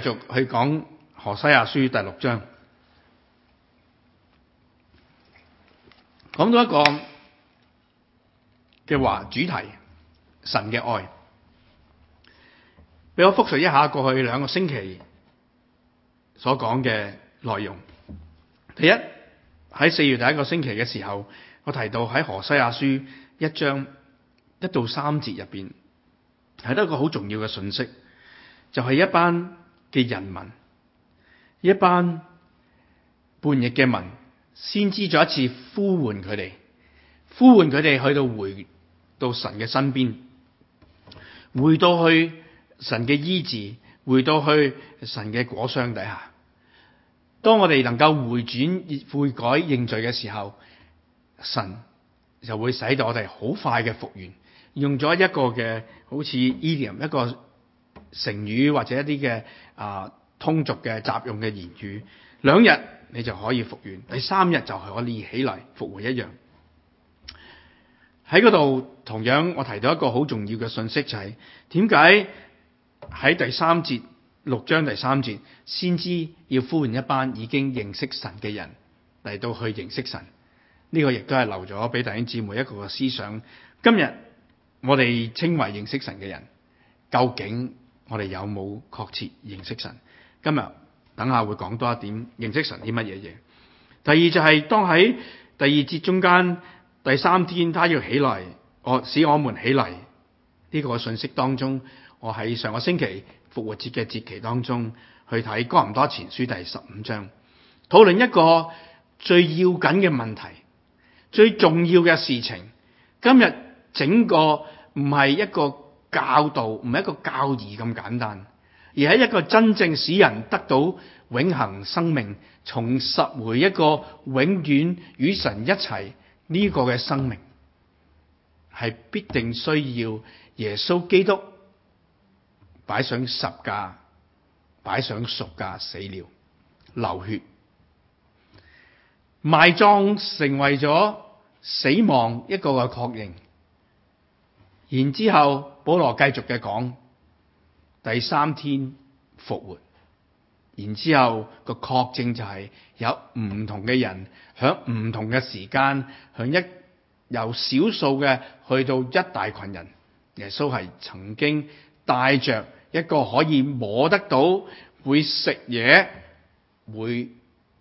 繼續去講何西阿書第六章，講到一個嘅話主題，神嘅愛，俾我復述一下過去兩個星期所講嘅內容。第一喺四月第一個星期嘅時候，我提到喺何西阿書一章一到三節入邊，睇到一個好重要嘅信息，就係一班。嘅人民，一班叛逆嘅民，先知咗一次呼喚佢哋，呼喚佢哋去到回到神嘅身邊，回到去神嘅醫治，回到去神嘅果箱底下。當我哋能夠回轉、悔改、認罪嘅時候，神就會使到我哋好快嘅復原，用咗一個嘅好似伊甸一個。成語或者一啲嘅啊通俗嘅習用嘅言語，兩日你就可以復原，第三日就可練起嚟復回一樣。喺嗰度同樣，我提到一個好重要嘅信息，就係點解喺第三節六章第三節先知要呼喚一班已經認識神嘅人嚟到去認識神呢，個亦都係留咗俾弟兄姊妹一個嘅思想。今日我哋稱為認識神嘅人，究竟？我哋有冇確切認識神？今日等下會講多一點認識神啲乜嘢嘢。第二就係、是、當喺第二節中間第三天，他要起來，我使我們起嚟。呢、這個信息當中，我喺上個星期復活節嘅節期當中去睇哥林多前書第十五章，討論一個最要緊嘅問題、最重要嘅事情。今日整個唔係一個。教導唔係一個教義咁簡單，而係一個真正使人得到永恆生命，重拾回一個永遠與神一齊呢、這個嘅生命，係必定需要耶穌基督擺上十架，擺上贖價死了，流血埋葬，成為咗死亡一個嘅確認，然之後。保羅繼續嘅講，第三天復活，然之後個確證就係有唔同嘅人響唔同嘅時間，響一由少數嘅去到一大群人，耶穌係曾經帶着一個可以摸得到、會食嘢、會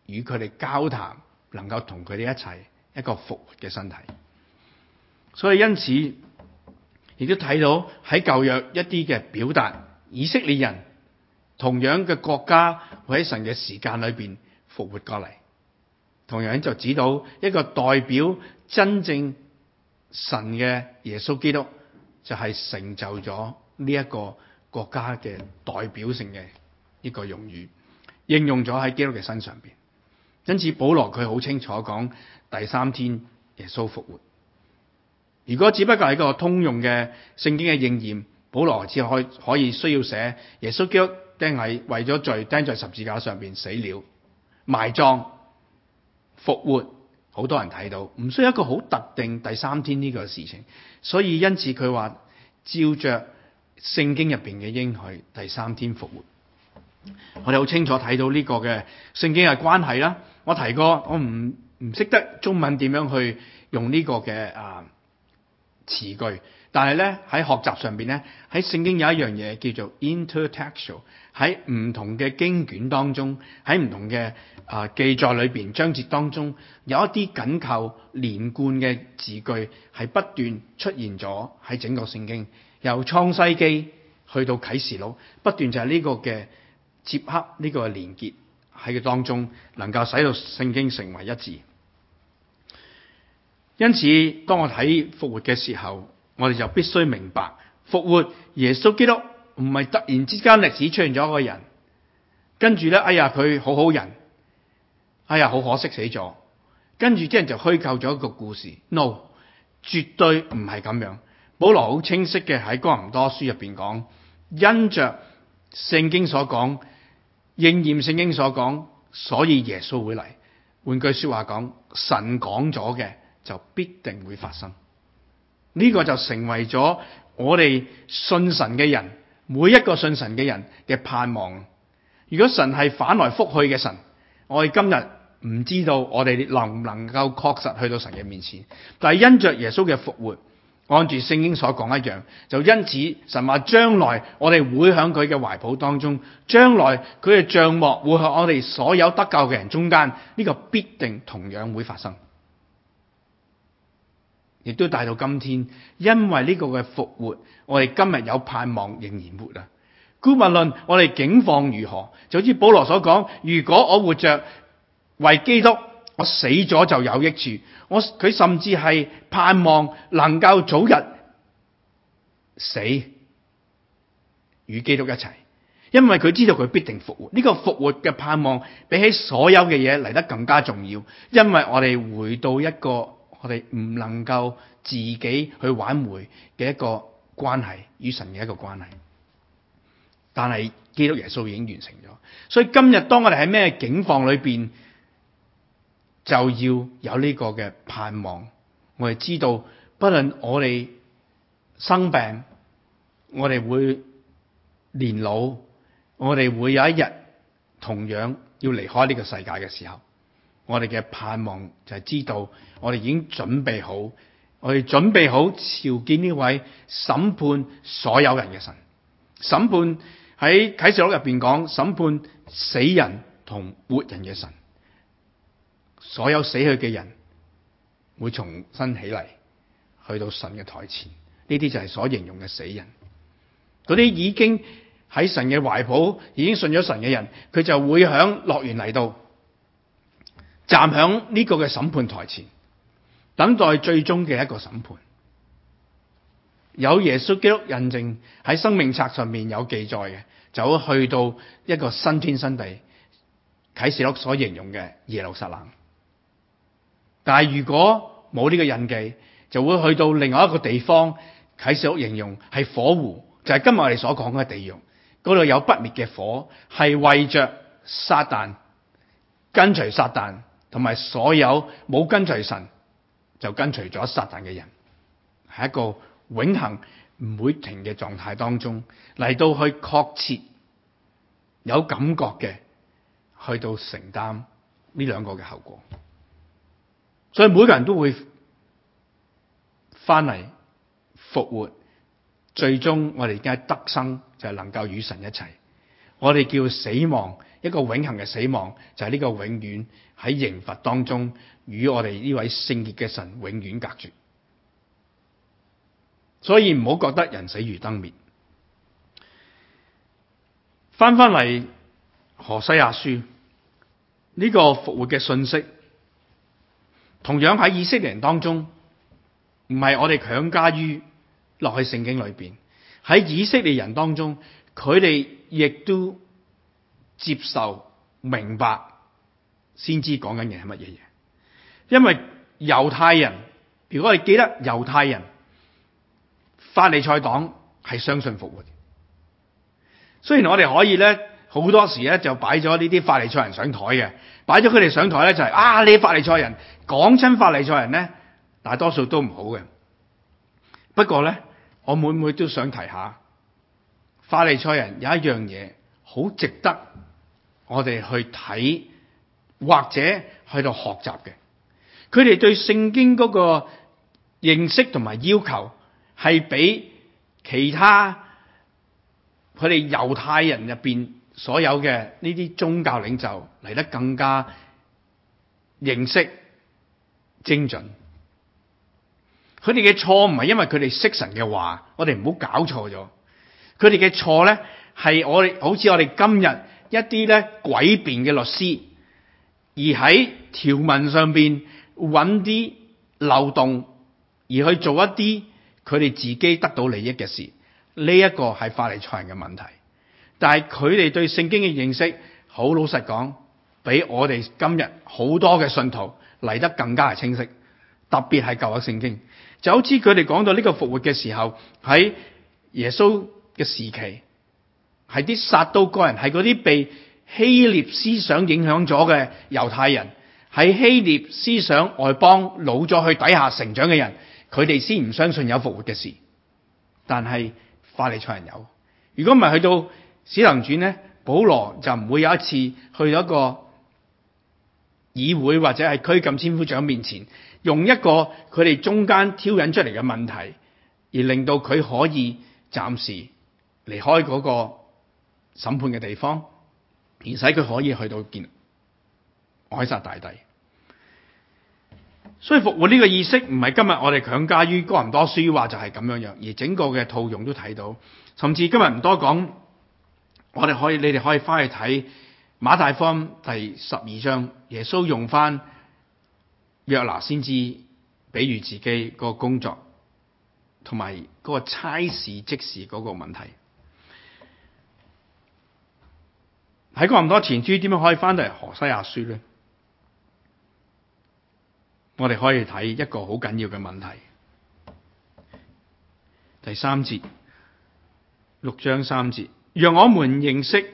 與佢哋交談、能夠同佢哋一齊一個復活嘅身體，所以因此。亦都睇到喺舊約一啲嘅表達，以色列人同樣嘅國家會喺神嘅時間裏邊復活過嚟，同樣就指到一個代表真正神嘅耶穌基督，就係成就咗呢一個國家嘅代表性嘅一個用語，應用咗喺基督嘅身上邊。因此保羅佢好清楚講，第三天耶穌復活。如果只不過係一個通用嘅聖經嘅應驗，保羅只可可以需要寫耶穌基督釘係為咗罪釘在十字架上邊死了，埋葬、復活，好多人睇到唔需要一個好特定第三天呢個事情。所以因此佢話照着聖經入邊嘅應許，第三天復活。嗯、我哋好清楚睇到呢個嘅聖經嘅關係啦。我提過我唔唔識得中文點樣去用呢個嘅啊。詞句，但係咧喺學習上邊咧，喺聖經有一樣嘢叫做 intertextual，喺唔同嘅經卷當中，喺唔同嘅啊、呃、記載裏邊章節當中，有一啲緊扣連貫嘅字句係不斷出現咗喺整個聖經，由創世記去到啟示錄，不斷就係呢個嘅接洽呢個連結喺當中，能夠使到聖經成為一致。因此，當我睇復活嘅時候，我哋就必須明白復活耶穌基督唔係突然之間歷史出現咗一個人，跟住咧，哎呀佢好好人，哎呀好可惜死咗，跟住啲人就虛構咗一個故事。No，絕對唔係咁樣。保羅好清晰嘅喺哥林多書入邊講，因着聖經所講應驗，聖經所講，所以耶穌會嚟。換句說話講，神講咗嘅。就必定會發生，呢個就成為咗我哋信神嘅人，每一個信神嘅人嘅盼望。如果神係反來覆去嘅神，我哋今日唔知道我哋能唔能夠確實去到神嘅面前。但係因着耶穌嘅復活，按住聖經所講一樣，就因此神話將來我哋會響佢嘅懷抱當中，將來佢嘅帳幕會喺我哋所有得救嘅人中間，呢個必定同樣會發生。亦都帶到今天，因為呢個嘅復活，我哋今日有盼望仍然活啊！故無論我哋境況如何，就好似保羅所講，如果我活着為基督，我死咗就有益處。我佢甚至係盼望能夠早日死與基督一齊，因為佢知道佢必定復活。呢、這個復活嘅盼望比起所有嘅嘢，嚟得更加重要，因為我哋回到一個。我哋唔能夠自己去挽回嘅一個關係與神嘅一個關係，但係基督耶穌已經完成咗，所以今日當我哋喺咩境況裏邊，就要有呢個嘅盼望。我哋知道，不論我哋生病，我哋會年老，我哋會有一日同樣要離開呢個世界嘅時候。我哋嘅盼望就係知道，我哋已經準備好，我哋準備好朝見呢位審判所有人嘅神。審判喺啟示錄入邊講，審判死人同活人嘅神。所有死去嘅人會重新起嚟，去到神嘅台前。呢啲，就係所形容嘅死人。嗰啲已經喺神嘅懷抱，已經信咗神嘅人，佢就會響樂園嚟到，站喺呢個嘅審判台前，等待最終嘅一個審判。有耶穌基督印證喺生命冊上面有記載嘅，就會去到一個新天新地，啟示錄所形容嘅耶路撒冷。但係如果冇呢個印記，就會去到另外一個地方，啟示錄形容係火湖，就係今日我哋所講嘅地獄。嗰度有不滅嘅火，係為着撒旦跟隨撒旦，同埋所有冇跟隨神就跟隨咗撒旦嘅人，係一個永恒唔會停嘅狀態當中嚟，到去確切有感覺嘅，去到承擔呢兩個嘅後果。所以每個人都會翻嚟復活最終我哋而家得生就係能夠與神一齊。我哋叫死亡，一個永恒嘅死亡就係呢個永遠喺刑罰當中，與我哋呢位聖潔嘅神永遠隔絕。所以唔好覺得人死如燈滅。返返嚟何西阿書呢個復活嘅信息，同樣喺以色列人當中，唔係我哋強加於落去聖經裏邊。喺以色列人當中，佢哋亦都接受明白。先知講緊嘢係乜嘢嘢？因為猶太人，如果我哋記得猶太人法利賽黨係相信復活，雖然我哋可以咧，好多時咧就擺咗呢啲法利賽人上台嘅，擺咗佢哋上台咧就係、是、啊呢啲法利賽人講親法利賽人咧，大多數都唔好嘅。不過咧，我每，每每都想提下法利賽人有一樣嘢好值得我哋去睇。或者去到學習嘅，佢哋對聖經個認識同埋要求係比其他佢哋猶太人入邊所有嘅呢啲宗教領袖嚟得更加認識精準。佢哋嘅錯唔係因為佢哋識神嘅話，我哋唔好搞錯咗。佢哋嘅錯咧，係我哋好似我哋今日一啲咧詭辯嘅律師。而喺條文上邊揾啲漏洞，而去做一啲佢哋自己得到利益嘅事，呢一個係法利賽人嘅問題。但係佢哋對聖經嘅認識，好老實講，比我哋今日好多嘅信徒嚟得更加係清晰。特別係舊約聖經，就好似佢哋講到呢個復活嘅時候，喺耶穌嘅時期，係啲殺到個人，係嗰啲被。希臘思想影響咗嘅猶太人，喺希臘思想外邦老咗去底下成長嘅人，佢哋先唔相信有復活嘅事。但係法利賽人有，如果唔係去到使徒行傳呢，保羅就唔會有一次去咗個議會或者係拘禁千夫長面前，用一個佢哋中間挑引出嚟嘅問題，而令到佢可以暫時離開個審判嘅地方。而使佢可以去到見凱撒大帝，所以復活呢個意識唔係今日我哋強加於哥林多書話就係咁樣樣，而整個嘅套用都睇到。甚至今日唔多講，我哋可以，你哋可以翻去睇馬太福音第十二章，耶穌用翻約拿先知，比喻自己個工作，同埋個差事即時個問題。喺咁多前書點樣可以翻到嚟何西阿書呢？我哋可以睇一個好緊要嘅問題。第三節六章三節，讓我們認識，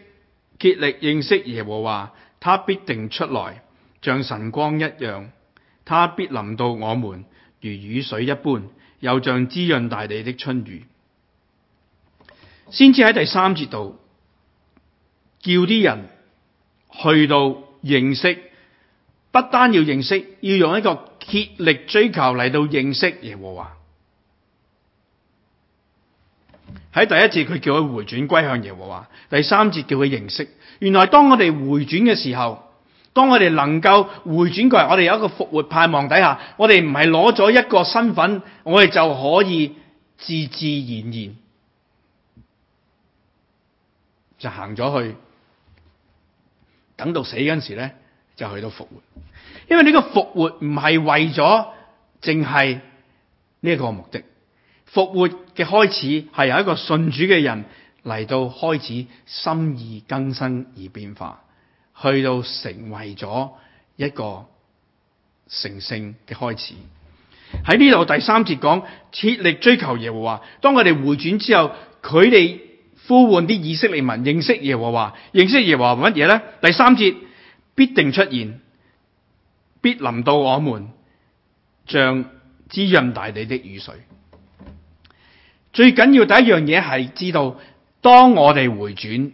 竭力認識耶和華，他必定出來，像晨光一樣，他必臨到我們，如雨水一般，又像滋潤大地的春雨。先知喺第三節度。叫啲人去到認識，不單要認識，要用一個竭力追求嚟到認識耶和華。喺第一節佢叫佢回轉歸向耶和華，第三節叫佢認識。原來當我哋回轉嘅時候，當我哋能夠回轉過嚟，我哋有一個復活盼望底下，我哋唔係攞咗一個身份，我哋就可以自自然然就行咗去。等到死嗰陣時咧，就去到復活，因為呢個復活唔係為咗淨係呢一個目的，復活嘅開始係由一個信主嘅人嚟到開始心意更新而變化，去到成為咗一個成聖嘅開始。喺呢度第三節講竭力追求耶和華，當佢哋回轉之後，佢哋。呼喚啲以色列民認識耶和華，認識耶和華乜嘢咧？第三節必定出現，必臨到我們，像滋潤大地的雨水。最緊要第一樣嘢係知道，當我哋回轉，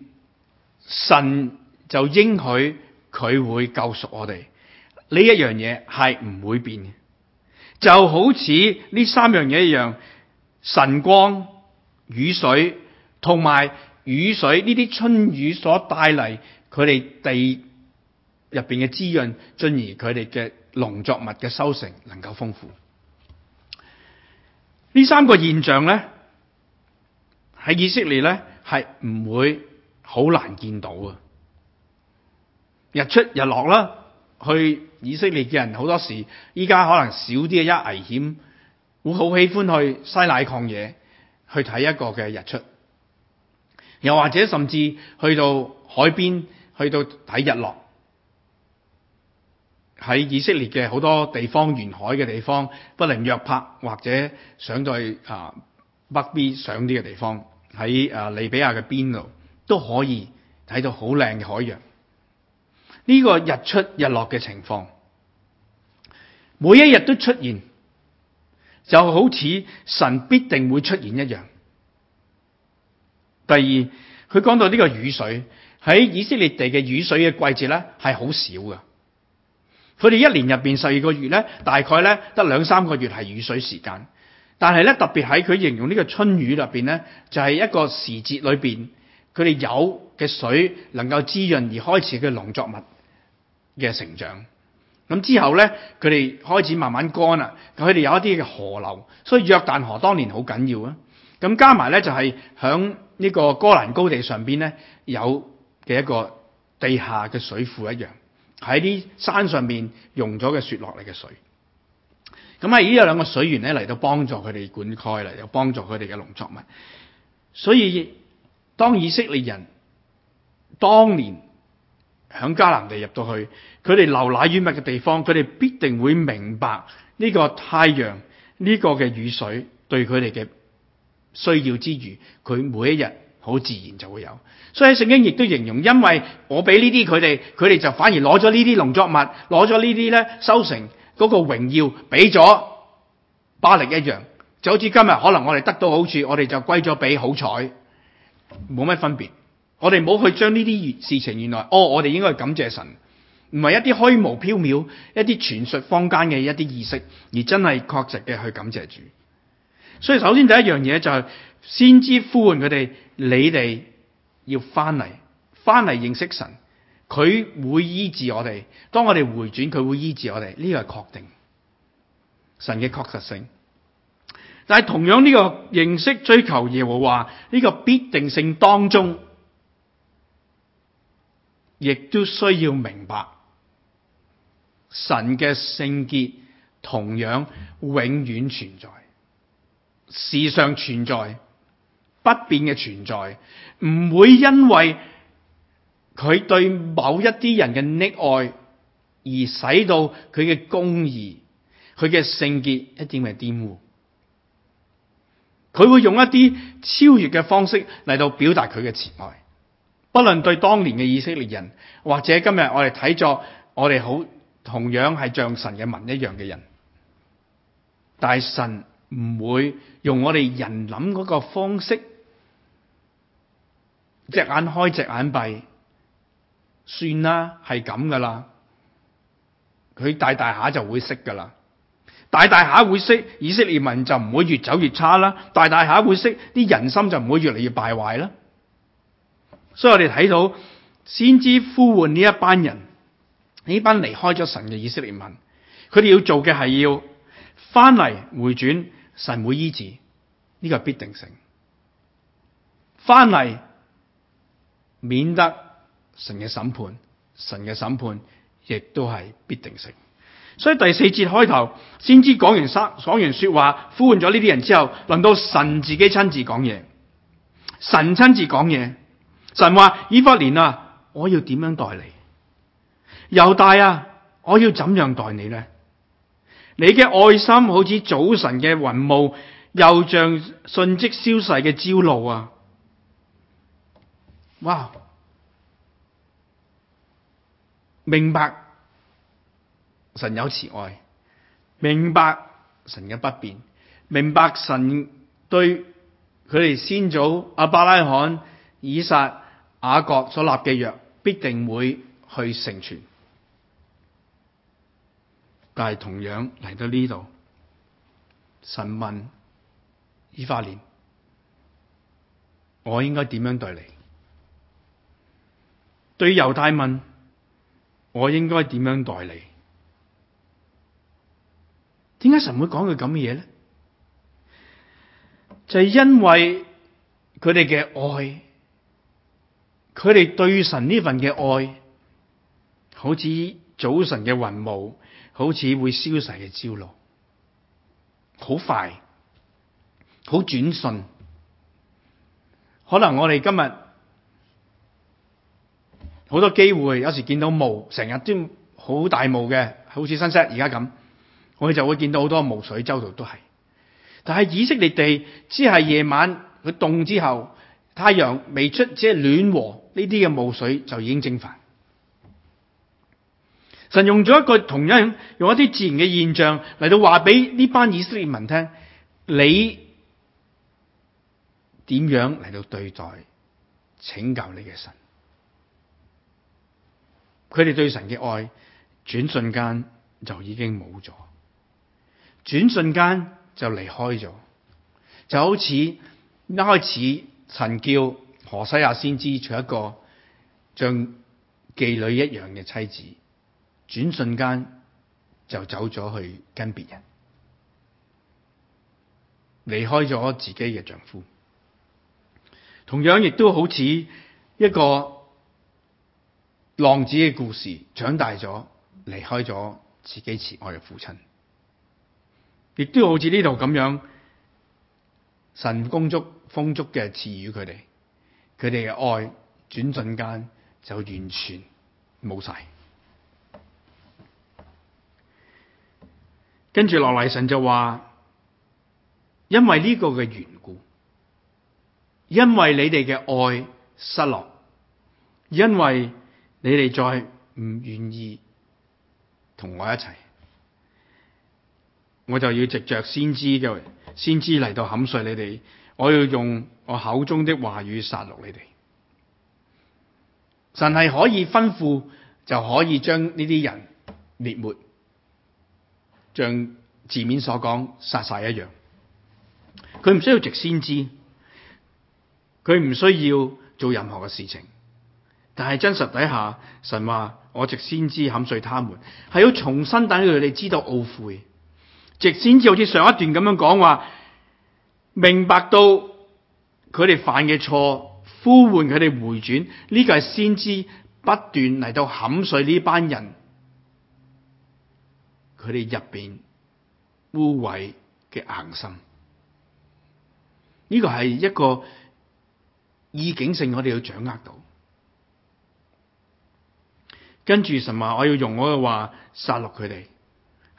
神就應許佢會救贖我哋。呢一樣嘢係唔會變嘅，就好似呢三樣嘢一樣，神光雨水。同埋雨水呢啲春雨所帶嚟佢哋地入邊嘅滋潤，進而佢哋嘅農作物嘅收成能夠豐富。呢三個現象咧，喺以色列咧係唔會好難見到啊！日出日落啦，去以色列嘅人好多時，依家可能少啲嘅一危險，會好喜歡去西奈曠野去睇一個嘅日出。又或者甚至去到海邊，去到睇日落，喺以色列嘅好多地方、沿海嘅地方，不能約帕，或者想對啊北邊上啲嘅地方，喺啊利比亞嘅邊度都可以睇到好靚嘅海洋。呢個日出日落嘅情況，每一日都出現，就好似神必定會出現一樣。第二，佢講到呢個雨水喺以色列地嘅雨水嘅季節呢，係好少㗎。佢哋一年入邊十二個月呢，大概呢得兩三個月係雨水時間。但係呢，特別喺佢形容呢個春雨入邊呢，就係、是、一個時節裏邊佢哋有嘅水能夠滋潤而開始嘅農作物嘅成長。咁之後呢，佢哋開始慢慢乾啦。佢哋有一啲嘅河流，所以約旦河當年好緊要啊。咁加埋呢，就係響。呢個戈蘭高地上邊咧有嘅一個地下嘅水庫一樣，喺啲山上面溶咗嘅雪落嚟嘅水。咁啊，已經有兩個水源咧嚟到幫助佢哋灌溉啦，又幫助佢哋嘅農作物。所以當以色列人當年響迦南地入到去，佢哋流奶與蜜嘅地方，佢哋必定會明白呢個太陽呢個嘅雨水對佢哋嘅需要之餘，佢每一日好自然就會有。所以聖經亦都形容，因為我俾呢啲佢哋，佢哋就反而攞咗呢啲農作物，攞咗呢啲咧收成嗰個榮耀，俾咗巴力一樣。就好似今日，可能我哋得到好處，我哋就歸咗俾好彩，冇乜分別。我哋冇去將呢啲事情，原來哦，我哋應該去感謝神，唔係一啲虛無縹緲、一啲傳說坊間嘅一啲意識，而真係確實嘅去感謝主。所以首先第一樣嘢就係先知呼喚佢哋，你哋要翻嚟，翻嚟認識神，佢會醫治我哋。當我哋回轉，佢會醫治我哋，呢個係確定神嘅確實性。但係同樣呢個認識追求耶和華呢個必定性當中，亦都需要明白神嘅聖潔同樣永遠存在。時常存在不變嘅存在，唔會因為佢對某一啲人嘅溺愛而使到佢嘅公義、佢嘅聖潔一點係玷污。佢會用一啲超越嘅方式嚟到表達佢嘅慈愛，不論對當年嘅以色列人或者今日我哋睇作我哋好同樣係像神嘅民一樣嘅人，但係神。唔會用我哋人諗嗰個方式，隻眼開隻眼閉，算啦，係咁噶啦。佢大大下就會識噶啦，大大下會識，以色列民就唔會越走越差啦，大大下會識，啲人心就唔會越嚟越敗壞啦。所以我哋睇到先知呼喚呢一班人，呢班離開咗神嘅以色列民，佢哋要做嘅係要翻嚟回轉。神會醫治，呢、這個係必定性。翻嚟免得神嘅審判，神嘅審判亦都係必定性。所以第四節開頭先知講完生講完說話，呼喚咗呢啲人之後，輪到神自己親自講嘢。神親自講嘢，神話：以法蓮啊，我要點樣待你？猶大啊，我要怎樣待你呢？你嘅愛心好似早晨嘅雲霧，又像瞬息消逝嘅朝露啊！哇，明白神有慈愛，明白神嘅不變，明白神對佢哋先祖阿伯拉罕、以撒、雅各所立嘅約必定會去成全。但係同樣嚟到呢度，神問以法蓮：我應該點樣對你？對猶大問：我應該點樣對你？點解神會講佢咁嘅嘢咧？就係因為佢哋嘅愛，佢哋對神呢份嘅愛，好似早晨嘅雲霧。好似會消逝嘅朝露好快，好轉瞬。可能我哋今日好多機會，有時見到霧，成日都好大霧嘅，好似新 SET 而家咁，我哋就會見到好多霧水，周度都係。但係以色列地，只係夜晚佢凍之後，太陽未出，只係暖和，呢啲嘅霧水就已經蒸發。神用咗一個同樣用一啲自然嘅現象嚟到話俾呢班以色列民聽，你點樣嚟到對待拯救你嘅神？佢哋對神嘅愛，轉瞬間就已經冇咗，轉瞬間就離開咗，就好似一開始神叫何西阿先知娶一個像妓女一樣嘅妻子。轉瞬間就走咗去跟別人，離開咗自己嘅丈夫，同樣亦都好似一個浪子嘅故事，長大咗離開咗自己慈愛嘅父親，亦都好似呢度咁樣，神公足豐足嘅賜予佢哋，佢哋嘅愛轉瞬間就完全冇晒。跟住落嚟，神就話：因為呢個嘅緣故，因為你哋嘅愛失落，因為你哋再唔願意同我一齊，我就要藉着先知嘅先知嚟到砍碎你哋，我要用我口中的話語殺落你哋。神係可以吩咐，就可以將呢啲人滅沒。像字面所講，殺晒一樣。佢唔需要直先知，佢唔需要做任何嘅事情。但係真實底下，神話我直先知砍碎他們，係要重新等佢哋知道懊悔。直先知好似上一段咁樣講話，明白到佢哋犯嘅錯，呼喚佢哋回轉。呢個係先知不斷嚟到砍碎呢班人。佢哋入邊污穢嘅硬心，呢個係一個意境性，我哋要掌握到。跟住神話，我要用我嘅話殺戮佢哋，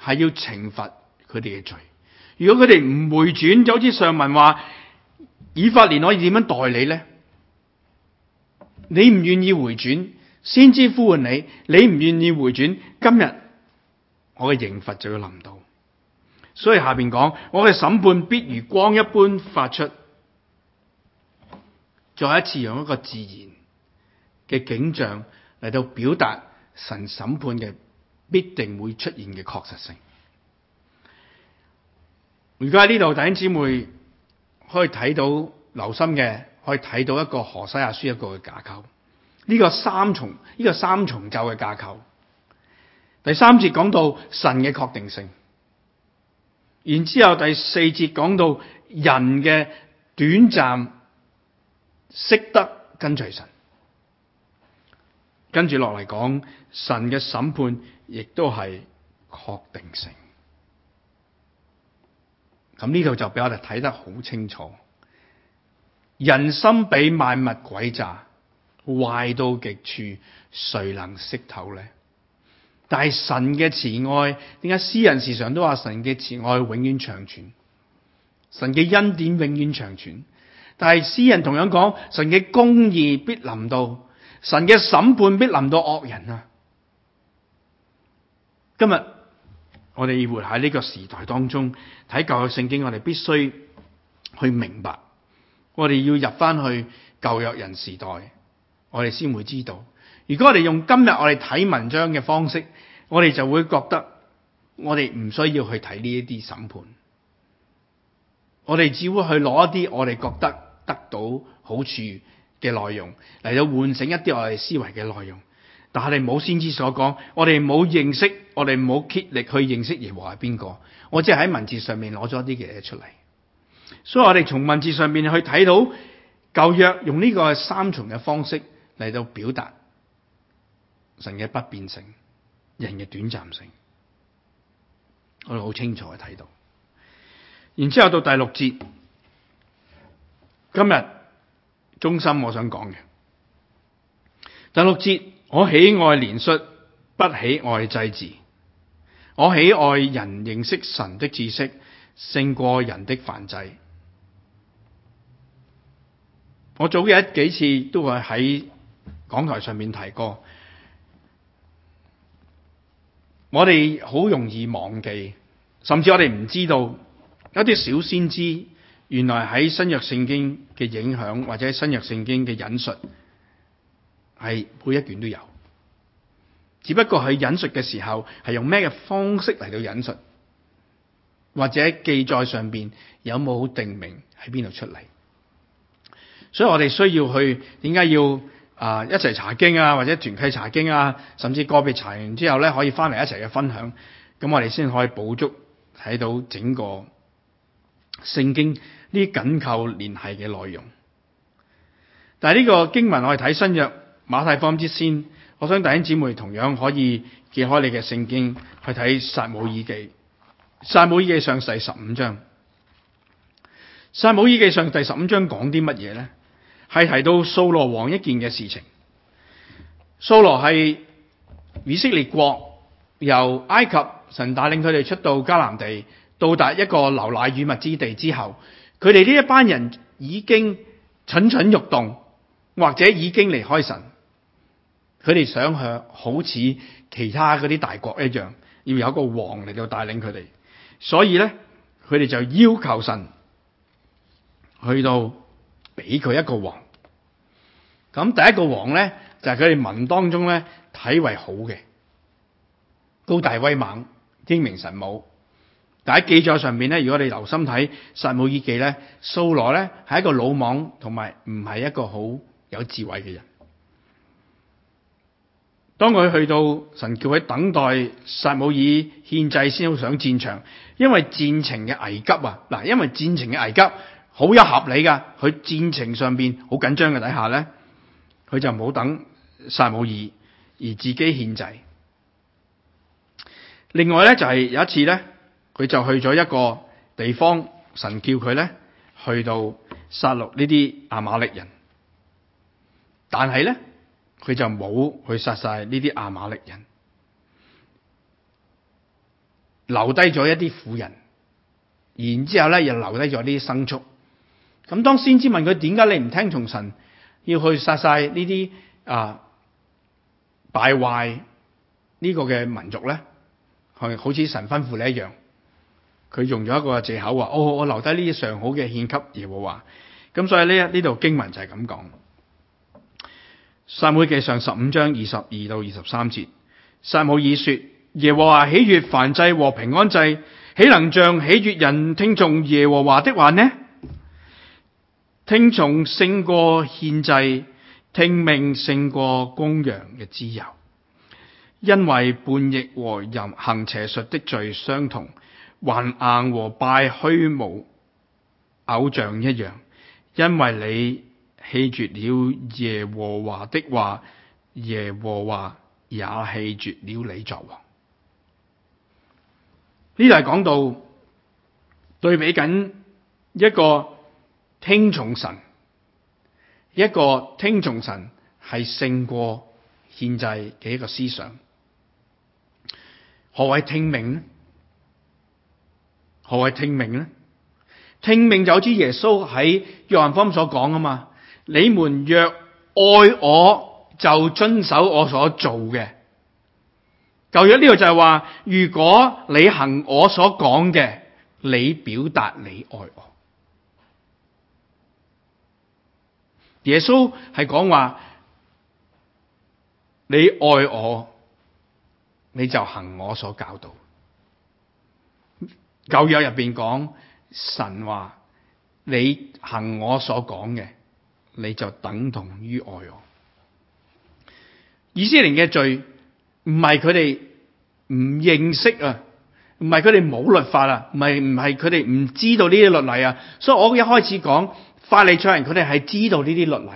係要懲罰佢哋嘅罪。如果佢哋唔回轉，就好似上文話，以法連我點樣代理呢？你唔願意回轉，先知呼喚你。你唔願意回轉，今日。我嘅刑罰就要臨到，所以下邊講我嘅審判必如光一般發出，再一次用一個自然嘅景象嚟到表達神審判嘅必定會出現嘅確實性。而家呢度弟兄姊妹可以睇到留心嘅，可以睇到一個何西阿書一個嘅架構，呢個三重呢個三重奏嘅架構。第三節講到神嘅確定性，然之後第四節講到人嘅短暫，識得跟隨神，跟住落嚟，講神嘅審判亦都係確定性。咁呢度就俾我哋睇得好清楚，人心比萬物詭詐，壞到極處，誰能識透呢？但係神嘅慈愛，點解詩人時常都話神嘅慈愛永遠長存，神嘅恩典永遠長存。但係詩人同樣講，神嘅公義必臨到，神嘅審判必臨到惡人啊！今日我哋要活喺呢個時代當中，睇舊約聖經，我哋必須去明白，我哋要入翻去舊約人時代，我哋先會知道。如果我哋用今日我哋睇文章嘅方式，我哋就會覺得我哋唔需要去睇呢一啲審判，我哋只會去攞一啲我哋覺得得到好處嘅內容嚟到喚醒一啲我哋思維嘅內容。但係我哋冇先知所講，我哋冇認識，我哋冇竭力去認識耶和華係邊個，我只係喺文字上面攞咗一啲嘢出嚟。所以我哋從文字上面去睇到舊約用呢個三重嘅方式嚟到表達。神嘅不變性，人嘅短暫性，我哋好清楚睇到。然之後到第六節，今日中心我想講嘅第六節，我喜愛憐恤，不喜愛祭祀。我喜愛人認識神的知識，勝過人的燔祭。我早幾幾次都會喺講台上面提過。我哋好容易忘記，甚至我哋唔知道一啲小先知原來喺新約聖經嘅影響或者新約聖經嘅引述係每一卷都有，只不過喺引述嘅時候係用咩嘅方式嚟到引述，或者記載上邊有冇定名喺邊度出嚟，所以我哋需要去點解要？啊！一齊查經啊，或者團契查經啊，甚至個別查完之後咧，可以翻嚟一齊嘅分享，咁我哋先可以補足睇到整個聖經呢緊扣聯繫嘅內容。但係呢個經文我哋睇新約馬太福音之先，我想弟兄姊妹同樣可以揭開你嘅聖經去睇撒母耳記，撒母耳記上第十五章，撒母耳記上第十五章講啲乜嘢咧？係提到掃羅王一件嘅事情。掃羅係以色列國由埃及神帶領佢哋出到迦南地，到達一個流奶與蜜之地之後，佢哋呢一班人已經蠢蠢欲動，或者已經離開神。佢哋想向好似其他啲大國一樣，要有一個王嚟到帶領佢哋。所以咧，佢哋就要求神去到俾佢一個王。咁第一個王咧，就係佢哋民當中咧睇為好嘅高大威猛、英明神武。但喺記載上邊咧，如果你留心睇撒母耳記咧，掃羅咧係一個魯莽同埋唔係一個好有智慧嘅人。當佢去到神叫佢等待撒母耳獻祭先好上戰場，因為戰情嘅危急啊！嗱，因為戰情嘅危急好有合理噶，佢戰情上邊好緊張嘅底下咧。佢就冇等撒母耳，而自己獻祭。另外咧，就係、是、有一次咧，佢就去咗一個地方，神叫佢咧去到殺戮呢啲亞瑪力人，但係咧佢就冇去殺晒呢啲亞瑪力人，留低咗一啲婦人，然之後咧又留低咗呢啲牲畜。咁當先知問佢點解你唔聽從神？要去殺晒呢啲啊敗壞呢個嘅民族咧，係好似神吩咐你一樣。佢用咗一個借口話：哦，我留低呢啲上好嘅獻給耶和華。咁所以呢呢度經文就係咁講。撒母耳記上十五章二十二到二十三節，撒母耳說：耶和華喜悅凡祭和平安祭，豈能像喜悅人聽從耶和華的話呢？聽從勝過獻祭，聽命勝過公羊嘅自由。因為叛逆和任行邪術的罪相同，還硬和拜虛無偶像一樣。因為你棄絕了耶和華的話，耶和華也棄絕了你作王。呢度係講到對比緊一個。聽從神，一個聽從神係勝過獻祭嘅一個思想。何謂聽命呢？何謂聽命呢？聽命就好似耶穌喺約翰福音所講啊嘛。你們若愛我，就遵守我所做嘅。舊約呢個就係話，如果你行我所講嘅，你表達你愛我。耶穌係講話：你愛我，你就行我所教導。舊約入邊講，神話你行我所講嘅，你就等同於愛我。以色列嘅罪唔係佢哋唔認識啊，唔係佢哋冇律法啊，唔係唔係佢哋唔知道呢啲律例啊。所以我一開始講。法利賽人佢哋係知道呢啲律例，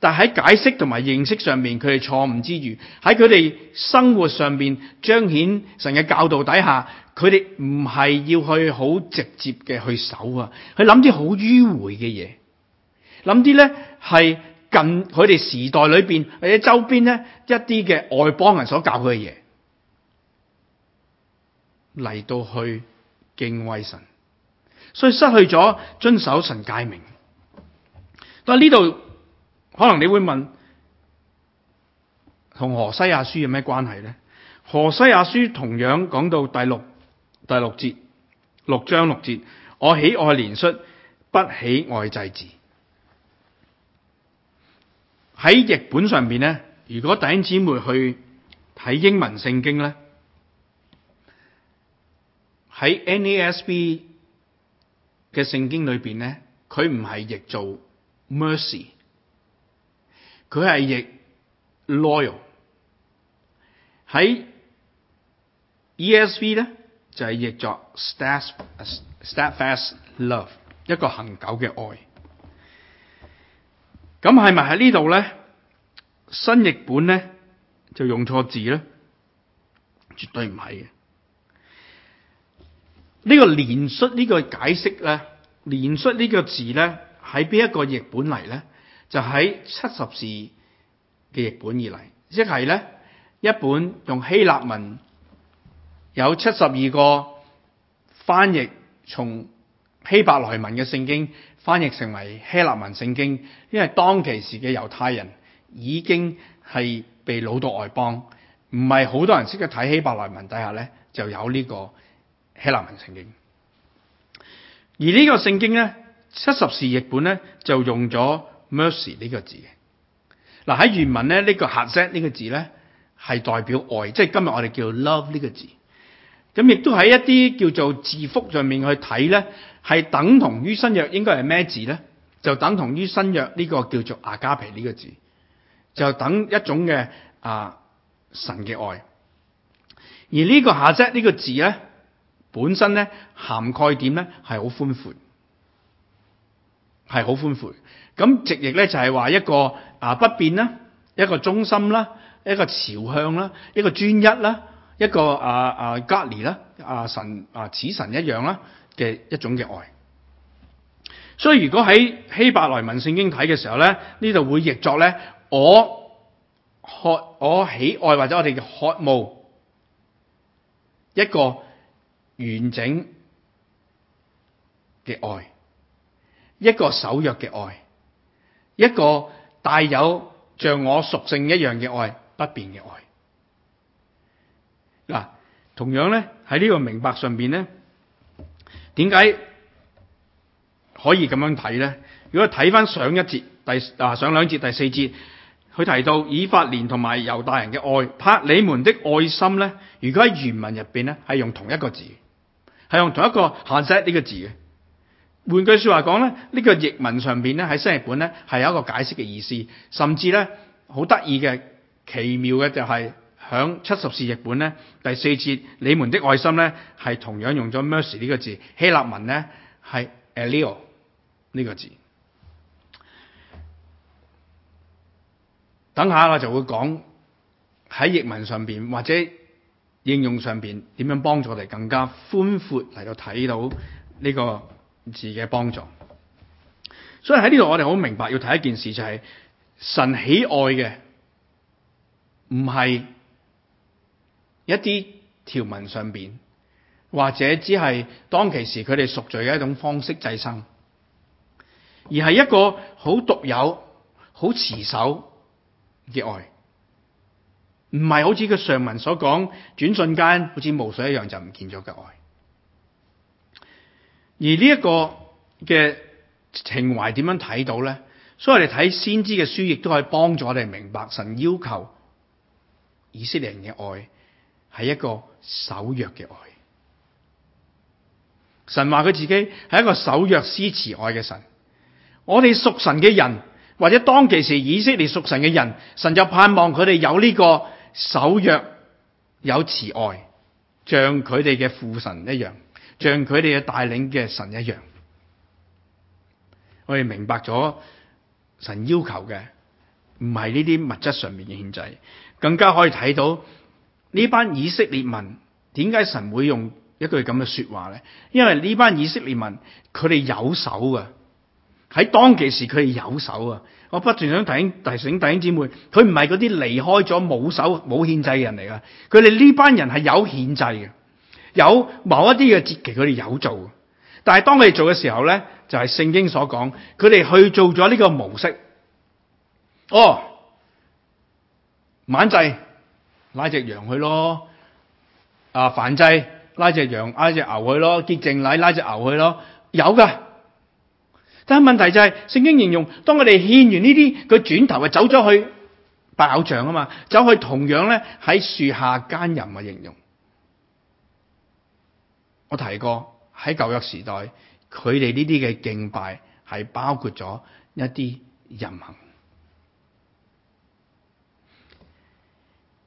但係喺解釋同埋認識上面佢哋錯誤之餘，喺佢哋生活上邊彰顯神嘅教導底下，佢哋唔係要去好直接嘅去守啊，去諗啲好迂迴嘅嘢，諗啲咧係近佢哋時代裏邊或者周邊咧一啲嘅外邦人所教佢嘅嘢嚟到去敬畏神。所以失去咗遵守神誡命。但係呢度可能你會問，同何西阿書有咩關係咧？何西阿書同樣講到第六第六節，六章六節，「我喜愛憐恤，不喜愛祭祀。」喺譯本上邊咧，如果弟兄姊妹去睇英文聖經咧，喺 NASB。嘅聖經裏邊咧，佢唔係譯做 mercy，佢係譯 loyal。喺 ESV 咧就係譯作 steadfast steadfast love，一個恆久嘅愛。咁係咪喺呢度咧？新譯本咧就用錯字咧？絕對唔係嘅。呢個連率呢個解釋咧，連率呢個字咧喺邊一個譯本嚟咧？就喺七十字嘅譯本而嚟，即係咧一本用希臘文有七十二個翻譯，從希伯來文嘅聖經翻譯成為希臘文聖經，因為當其時嘅猶太人已經係被攞到外邦，唔係好多人識得睇希伯來文底下咧，就有呢個。希臘文聖經，而呢個聖經咧七十士譯本咧就用咗 mercy 呢個字嘅。嗱、啊、喺原文咧呢、這個 heset 呢個字咧係代表愛，即係今日我哋叫 love 呢個字。咁、嗯、亦都喺一啲叫做祝福上面去睇咧，係等同於新約應該係咩字咧？就等同於新約呢個叫做阿加皮呢個字，就等一種嘅啊神嘅愛。而呢個 heset 呢個字咧。本身咧涵蓋點咧係好寬闊，係好寬闊。咁直譯咧就係、是、話一個啊不變啦，一個忠心啦，一個朝向啦，一個專一啦，一個啊啊隔離啦，啊，啊, ly, 啊神啊似神一樣啦嘅一種嘅愛。所以如果喺希伯來文聖經睇嘅時候咧，呢度會譯作咧我渴我喜愛或者我哋嘅渴慕一個，完整嘅愛，一個守約嘅愛，一個帶有像我屬性一樣嘅愛，不變嘅愛。嗱，同樣咧喺呢個明白上邊呢，點解可以咁樣睇呢？如果睇翻上一節，第啊上兩節、第四節，佢提到以法蓮同埋猶大人嘅愛，拍你們的愛心呢？如果喺原文入邊呢，係用同一個字。係用同一個“憐恤”呢個字嘅。換句話說話講咧，呢、這個譯文上邊咧喺新譯本咧係有一個解釋嘅意思，甚至咧好得意嘅、奇妙嘅就係、是、響七十士譯本咧第四節，你們的愛心咧係同樣用咗 “mercy” 呢個字，希臘文咧係 eleo 呢個字。等下我就會講喺譯文上邊或者，應用上邊點樣幫助我哋更加寬闊嚟到睇到呢個字嘅幫助，所以喺呢度我哋好明白要睇一件事，就是，就係神喜愛嘅唔係一啲條文上邊，或者只係當其時佢哋贖罪嘅一種方式祭牲，而係一個好獨有、好持守嘅愛。唔係好似佢上文所講，轉瞬間好似霧水一樣就唔見咗嘅愛。而呢一個嘅情懷點樣睇到咧？所以我哋睇先知嘅書，亦都可以幫助我哋明白神要求以色列人嘅愛係一個守約嘅愛。神話佢自己係一個守約施慈愛嘅神。我哋屬神嘅人，或者當其時以色列屬神嘅人，神就盼望佢哋有呢個。守約有慈愛，像佢哋嘅父神一樣，像佢哋嘅帶領嘅神一樣。我哋明白咗神要求嘅唔係呢啲物質上面嘅獻祭，更加可以睇到呢班以色列民點解神會用一句咁嘅說話呢？因為呢班以色列民佢哋有手㗎。喺當其時佢哋有手啊！我不斷想提醒、提醒弟兄姊妹，佢唔係嗰啲離開咗冇手冇獻祭嘅人嚟噶。佢哋呢班人係有獻祭嘅，有某一啲嘅節期佢哋有做。但係當佢哋做嘅時候咧，就係、是、聖經所講，佢哋去做咗呢個模式。哦，晚祭拉隻羊去咯，啊，燔祭拉隻羊、拉隻牛去咯，潔淨禮拉隻牛去咯，有噶。但係問題就係、是，聖經形容，當佢哋獻完呢啲，佢轉頭啊走咗去，拜偶像啊嘛，走去同樣咧喺樹下奸淫嘅形容。我提過喺舊約時代，佢哋呢啲嘅敬拜係包括咗一啲淫行，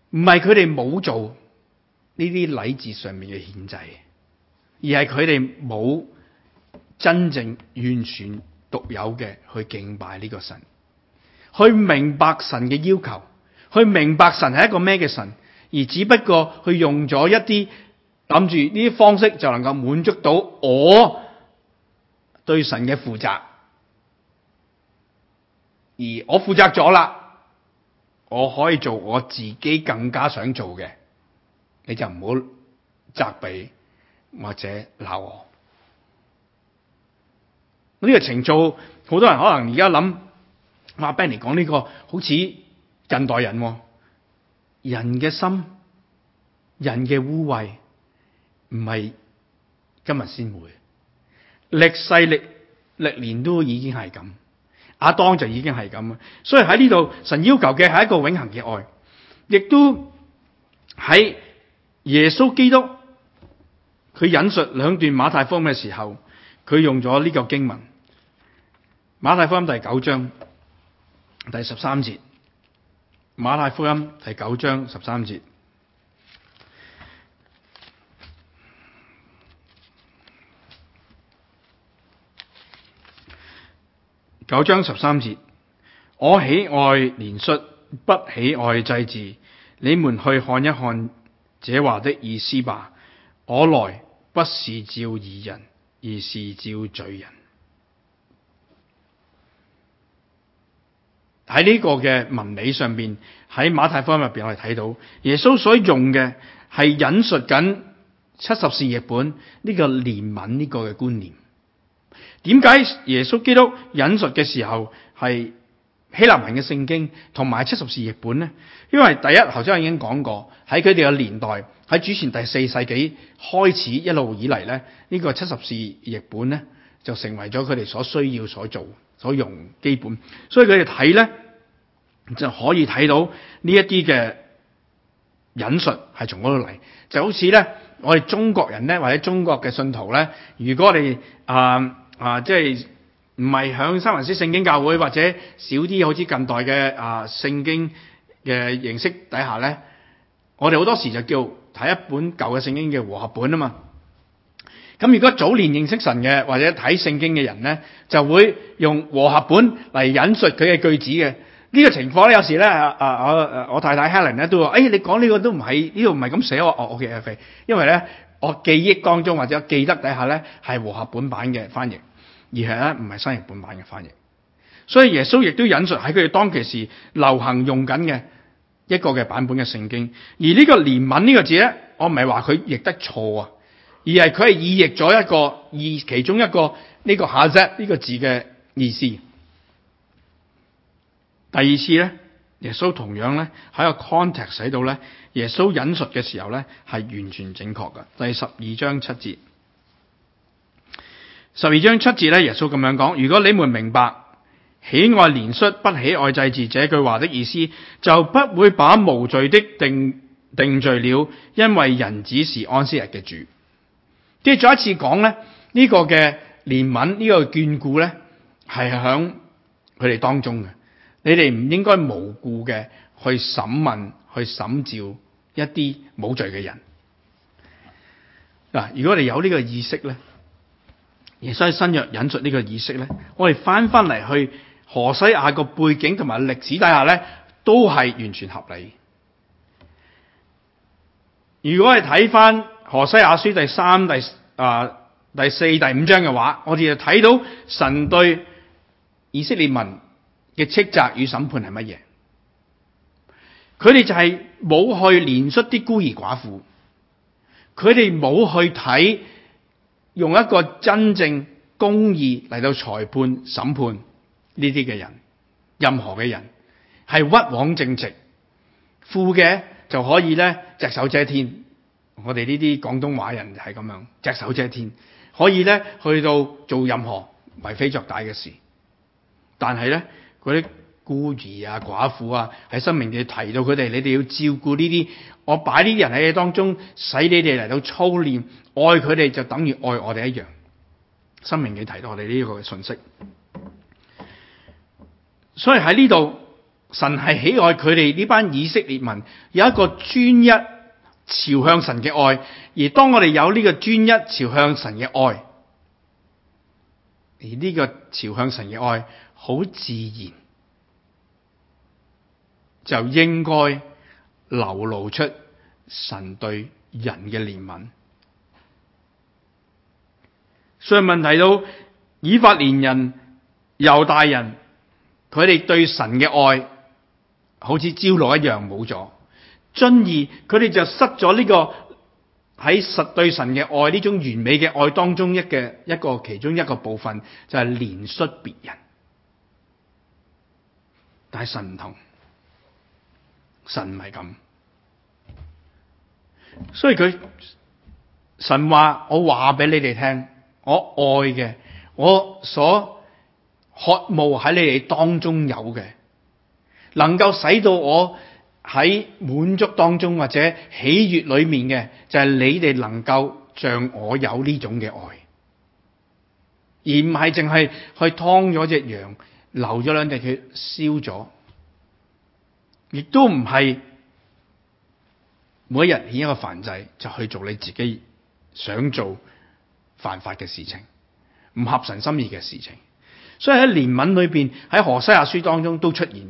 唔係佢哋冇做呢啲禮節上面嘅獻祭，而係佢哋冇真正完全。獨有嘅去敬拜呢個神，去明白神嘅要求，去明白神係一個咩嘅神，而只不過佢用咗一啲諗住呢啲方式就能夠滿足到我對神嘅負責，而我負責咗啦，我可以做我自己更加想做嘅，你就唔好責備或者鬧我。呢個程做好多人可能而家諗，阿 Benny 講呢個好似近代人，哦，人嘅心，人嘅污穢，唔係今日先會，歷世歷歷年都已經係咁，阿當就已經係咁啊，所以喺呢度，神要求嘅係一個永恆嘅愛，亦都喺耶穌基督，佢引述兩段馬太福音嘅時候，佢用咗呢個經文。馬太福音第九章第十三節，馬太福音第九章十三節，九章十三節，我喜愛憐恤，不喜愛祭祀。你們去看一看這話的意思吧。我來不是召義人，而是召罪人。喺呢個嘅文理上邊，喺馬太福音入邊，我哋睇到耶穌所用嘅係引述緊七十士譯本呢個憐憫呢個嘅觀念。點解耶穌基督引述嘅時候係希臘文嘅聖經同埋七十士譯本咧？因為第一，頭先我已經講過，喺佢哋嘅年代，喺主前第四世紀開始一路以嚟咧，呢、這個七十士譯本咧就成為咗佢哋所需要所做，所用基本，所以佢哋睇咧就可以睇到呢一啲嘅引述係從嗰度嚟，就好似咧我哋中國人咧或者中國嘅信徒咧，如果我哋啊啊即係唔係響三文斯聖經教會或者少啲好似近代嘅啊、呃、聖經嘅形式底下咧，我哋好多時就叫睇一本舊嘅聖經嘅和合本啊嘛。咁如果早年認識神嘅或者睇聖經嘅人咧，就會用和合本嚟引述佢嘅句子嘅呢個情況咧，有時咧啊啊我我太太 Helen 咧都話：哎，你講呢個都唔係呢個唔係咁寫，我哦 OK 因為咧我記憶當中或者記得底下咧係和合本版嘅翻譯，而係咧唔係新譯本版嘅翻譯。所以耶穌亦都引述喺佢哋當其時流行用緊嘅一個嘅版本嘅聖經。而呢個憐憫呢個字咧，我唔係話佢譯得錯啊。而係佢係意譯咗一個二，其中一個呢、這個下啫呢個字嘅意思。第二次咧，耶穌同樣咧喺個 context 使到咧，耶穌引述嘅時候咧係完全正確嘅。第十二章七節，十二章七節咧，耶穌咁樣講：，如果你們明白喜愛憐恤，不喜愛祭祀」這句話的意思，就不會把無罪的定定罪了，因為人子是安息日嘅主。接咗一次講咧，這個連這個，呢個嘅憐憫呢個眷顧咧，係響佢哋當中嘅。你哋唔應該無故嘅去審問，去審照一啲冇罪嘅人。嗱，如果你有呢個意識咧，耶穌新約引述呢個意識咧，我哋翻翻嚟去何西阿個背景同埋歷史底下咧，都係完全合理。如果係睇翻。何西阿書第三、第啊、呃、第四、第五章嘅話，我哋就睇到神對以色列民嘅斥責與審判係乜嘢？佢哋就係冇去憐恤啲孤兒寡婦，佢哋冇去睇用一個真正公義嚟到裁判、審判呢啲嘅人，任何嘅人係屈枉正直，富嘅就可以咧隻手遮天，我哋呢啲廣東話人就係咁樣，隻手遮天，可以咧去到做任何為非作歹嘅事。但係咧，嗰啲孤兒啊、寡婦啊，喺申命記提到佢哋，你哋要照顧呢啲。我擺呢啲人喺當中，使你哋嚟到操練愛佢哋，就等於愛我哋一樣。申命記提到我哋呢個信息，所以喺呢度，神係喜愛佢哋呢班以色列民有一個專一。朝向神嘅愛，而當我哋有呢個專一朝向神嘅愛，而呢個朝向神嘅愛好自然就應該流露出神對人嘅憐憫。上文提到以法蓮人猶大人，佢哋對神嘅愛好似朝露一樣冇咗。尊義，佢哋就失咗呢、這個喺實對神嘅愛，呢種完美嘅愛當中一嘅一個其中一個部分，就係憐恤別人。但係神唔同，神唔係咁。所以佢神話我話俾你哋聽，我愛嘅，我所渴慕喺你哋當中有嘅，能夠使到我。喺滿足當中或者喜悅裏面嘅，就係、是、你哋能夠像我有呢種嘅愛，而唔係淨係去劏咗隻羊，流咗兩隻血，燒咗，亦都唔係每一日獻一個燔祭就去做你自己想做犯法嘅事情，唔合神心意嘅事情。所以喺憐憫裏邊，喺何西阿書當中都出現。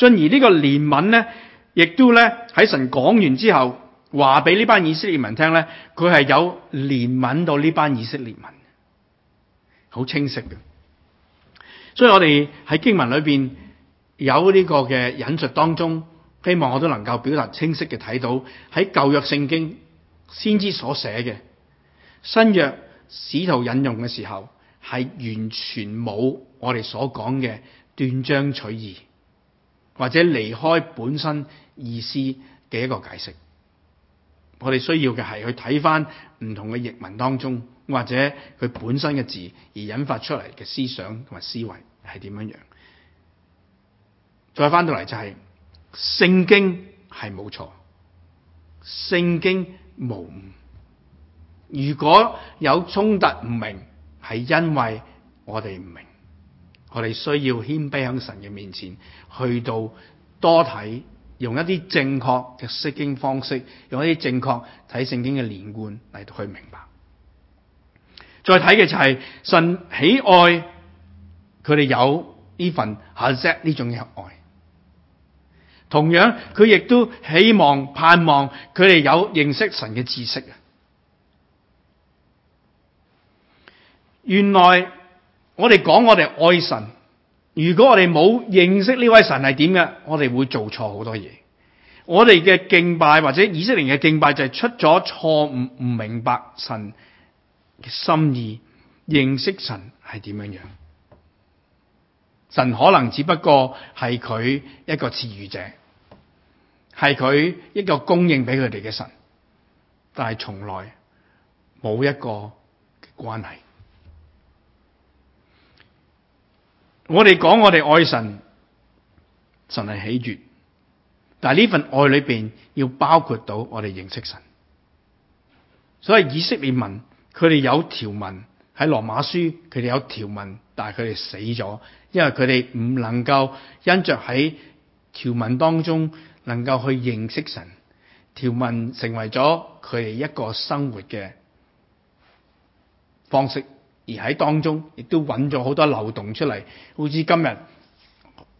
進而呢個憐憫呢，亦都呢，喺神講完之後，話俾呢班以色列民聽呢，佢係有憐憫到呢班以色列民。好清晰嘅。所以我哋喺經文裏邊有呢個嘅引述當中，希望我都能夠表達清晰嘅睇到喺舊約聖經先知所寫嘅，新約使徒引用嘅時候，係完全冇我哋所講嘅斷章取義。或者離開本身意思嘅一個解釋，我哋需要嘅係去睇翻唔同嘅譯文當中，或者佢本身嘅字而引發出嚟嘅思想同埋思維係點樣樣。再翻到嚟就係、是、聖經係冇錯，聖經無誤。如果有衝突唔明，係因為我哋唔明。我哋需要謙卑喺神嘅面前，去到多睇，用一啲正確嘅釋經方式，用一啲正確睇聖經嘅連貫嚟到去明白。再睇嘅就係神喜愛佢哋有呢份獻祭呢種嘅愛，同樣佢亦都希望盼望佢哋有認識神嘅知識啊！原來。我哋講我哋愛神，如果我哋冇認識呢位神係點嘅，我哋會做錯好多嘢。我哋嘅敬拜或者以色列嘅敬拜就係出咗錯誤，唔明白神嘅心意，認識神係點樣樣。神可能只不過係佢一個賜予者，係佢一個供應俾佢哋嘅神，但係從來冇一個嘅關係。我哋講我哋愛神，神係喜悅，但係呢份愛裏邊要包括到我哋認識神。所以以色列文，佢哋有條文，喺羅馬書，佢哋有條文，但係佢哋死咗，因為佢哋唔能夠因着喺條文當中能夠去認識神，條文成為咗佢哋一個生活嘅方式。而喺當中，亦都揾咗好多漏洞出嚟。好似今日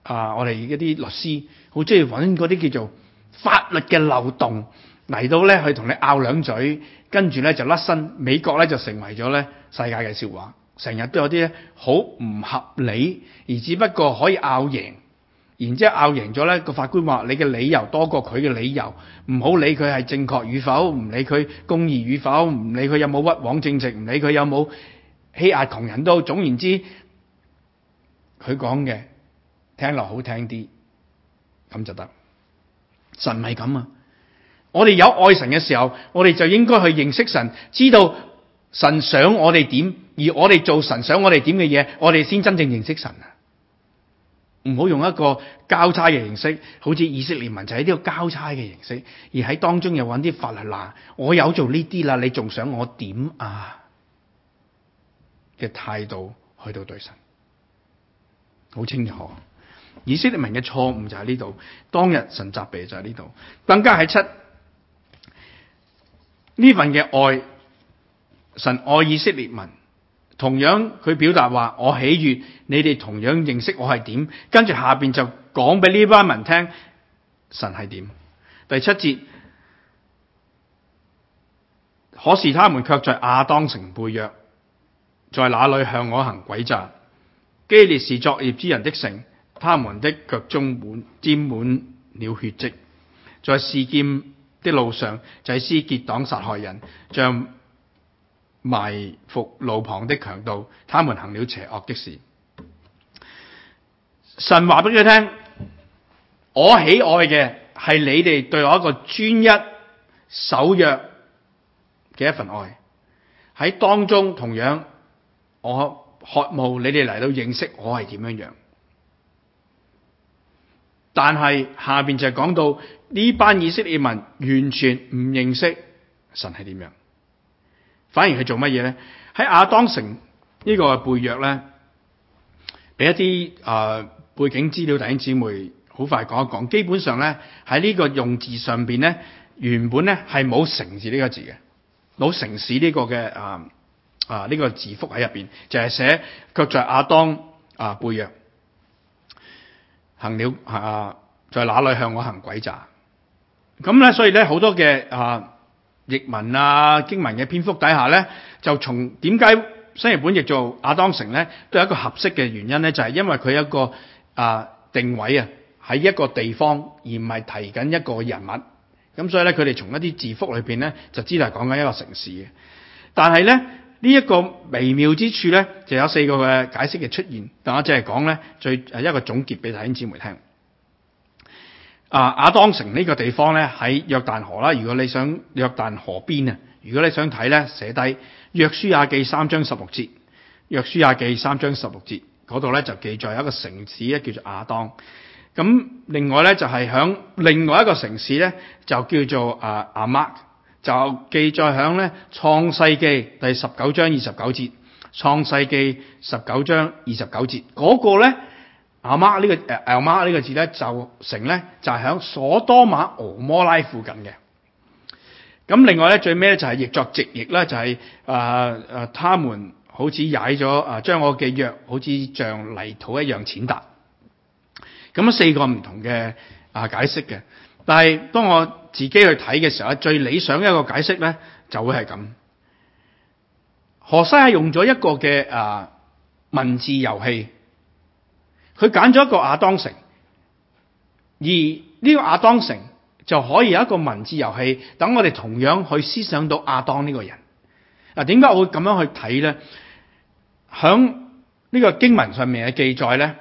啊，我哋嗰啲律師好中意揾嗰啲叫做法律嘅漏洞嚟到咧，去同你拗兩嘴，跟住咧就甩身。美國咧就成為咗咧世界嘅笑話，成日都有啲好唔合理，而只不過可以拗贏，然之後拗贏咗咧，個法官話你嘅理由多過佢嘅理由，唔好理佢係正確與否，唔理佢公義與否，唔理佢有冇屈枉正直，唔理佢有冇。欺壓窮人都，總言之，佢講嘅聽落好聽啲，咁就得。神係咁啊！我哋有愛神嘅時候，我哋就應該去認識神，知道神想我哋點，而我哋做神想我哋點嘅嘢，我哋先真正認識神啊！唔好用一個交叉嘅形式，好似以色列民就喺呢個交叉嘅形式，而喺當中又揾啲法律拉，我有做呢啲啦，你仲想我點啊？嘅態度去到對神，好清楚。以色列民嘅錯誤就喺呢度，當日神責備就喺呢度，更加喺七。呢份嘅愛神愛以色列民，同樣佢表達話我喜悅你哋，同樣認識我係點。跟住下邊就講俾呢班民聽，神係點。第七節，可是他們卻在亞當城背約。在那裡向我行詭詐，基列是作孽之人的城，他們的腳中滿沾滿了血跡，在示劍的路上，祭司結黨殺害人，像埋伏路旁的強盜，他們行了邪惡的事。神話俾佢聽，我喜愛嘅係你哋對我一個專一守約嘅一份愛，喺當中同樣。我渴慕你哋嚟到認識我係點樣樣，但係下邊就係講到呢班以色列民完全唔認識神係點樣，反而係做乜嘢咧？喺亞當城呢個背約咧，俾一啲誒、呃、背景資料，弟兄姊妹好快講一講。基本上咧喺呢個用字上邊咧，原本咧係冇城字呢個字嘅，冇城市呢個嘅誒。呃啊！呢、這個字幅喺入邊就係、是、寫，卻在亞當啊，背約行了啊，在哪裏向我行詭詐咁咧？所以咧，好多嘅啊譯文啊經文嘅篇幅底下咧，就從點解新日本譯做亞當城咧，都有一個合適嘅原因咧，就係、是、因為佢一個啊定位啊喺一個地方而唔係提緊一個人物咁，所以咧佢哋從一啲字幅裏邊咧就知係講緊一個城市嘅，但係咧。呢一個微妙之處咧，就有四個嘅解釋嘅出現，但我只係講咧最一個總結俾大家姊妹聽。啊，亞當城呢個地方咧喺約旦河啦，如果你想約旦河邊啊，如果你想睇咧，寫低《約書亞記》三章十六節，《約書亞記》三章十六節嗰度咧就記載有一個城市咧叫做亞當，咁另外咧就係、是、響另外一個城市咧就叫做啊阿瑪克就記載響咧創世記第十九章二十九節，創世記十九章二十九節嗰、那個咧阿媽呢、這個誒阿媽呢個字咧就成咧就係響所多瑪俄摩拉附近嘅。咁另外咧最尾咧就係譯作直譯啦就係啊啊他們好似踩咗啊將我嘅約好似像，像泥土一樣踐踏。咁四個唔同嘅啊、呃、解釋嘅，但係當我。自己去睇嘅時候，最理想嘅一個解釋咧，就會係咁。何西係用咗一個嘅啊、呃、文字遊戲，佢揀咗一個亞當城，而呢個亞當城就可以有一個文字遊戲，等我哋同樣去思想到亞當呢個人。嗱、啊，點解我會咁樣去睇咧？響呢個經文上面嘅記載咧，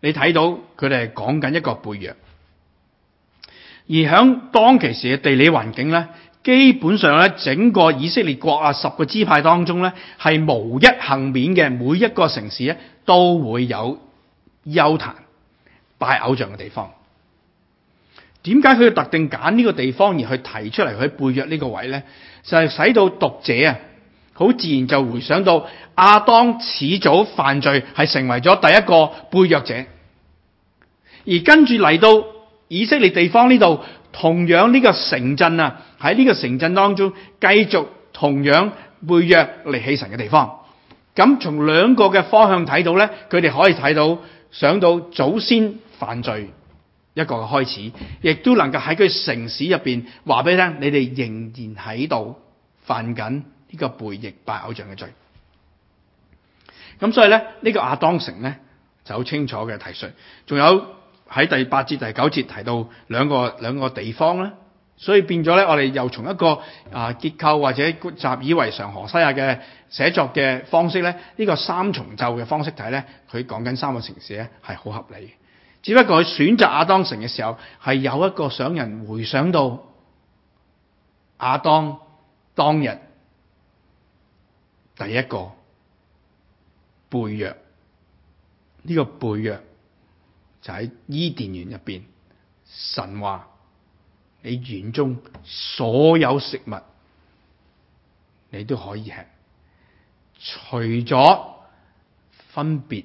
你睇到佢哋係講緊一個背約。而響當其時嘅地理環境咧，基本上咧，整個以色列國啊，十個支派當中咧，係無一幸免嘅，每一個城市咧都會有丘壇拜偶像嘅地方。點解佢要特定揀呢個地方而去提出嚟去背約呢個位咧？就係、是、使到讀者啊，好自然就回想到亞當始祖犯罪係成為咗第一個背約者，而跟住嚟到。以色列地方呢度，同樣呢個城鎮啊，喺呢個城鎮當中繼續同樣背約離棄神嘅地方。咁從兩個嘅方向睇到呢，佢哋可以睇到想到祖先犯罪一個嘅開始，亦都能夠喺佢城市入邊話俾你聽，你哋仍然喺度犯緊呢個背逆拜偶像嘅罪。咁所以呢，呢、這個亞當城呢，就好清楚嘅提述，仲有。喺第八節第九節提到兩個兩個地方咧，所以變咗咧，我哋又從一個啊、呃、結構或者習以為常、何西阿嘅寫作嘅方式咧，呢、這個三重奏嘅方式睇咧，佢講緊三個城市咧係好合理。只不過佢選擇亞當城嘅時候，係有一個想人回想到亞當當日第一個背約呢、這個背約。就喺伊甸園入邊，神話你園中所有食物，你都可以吃，除咗分別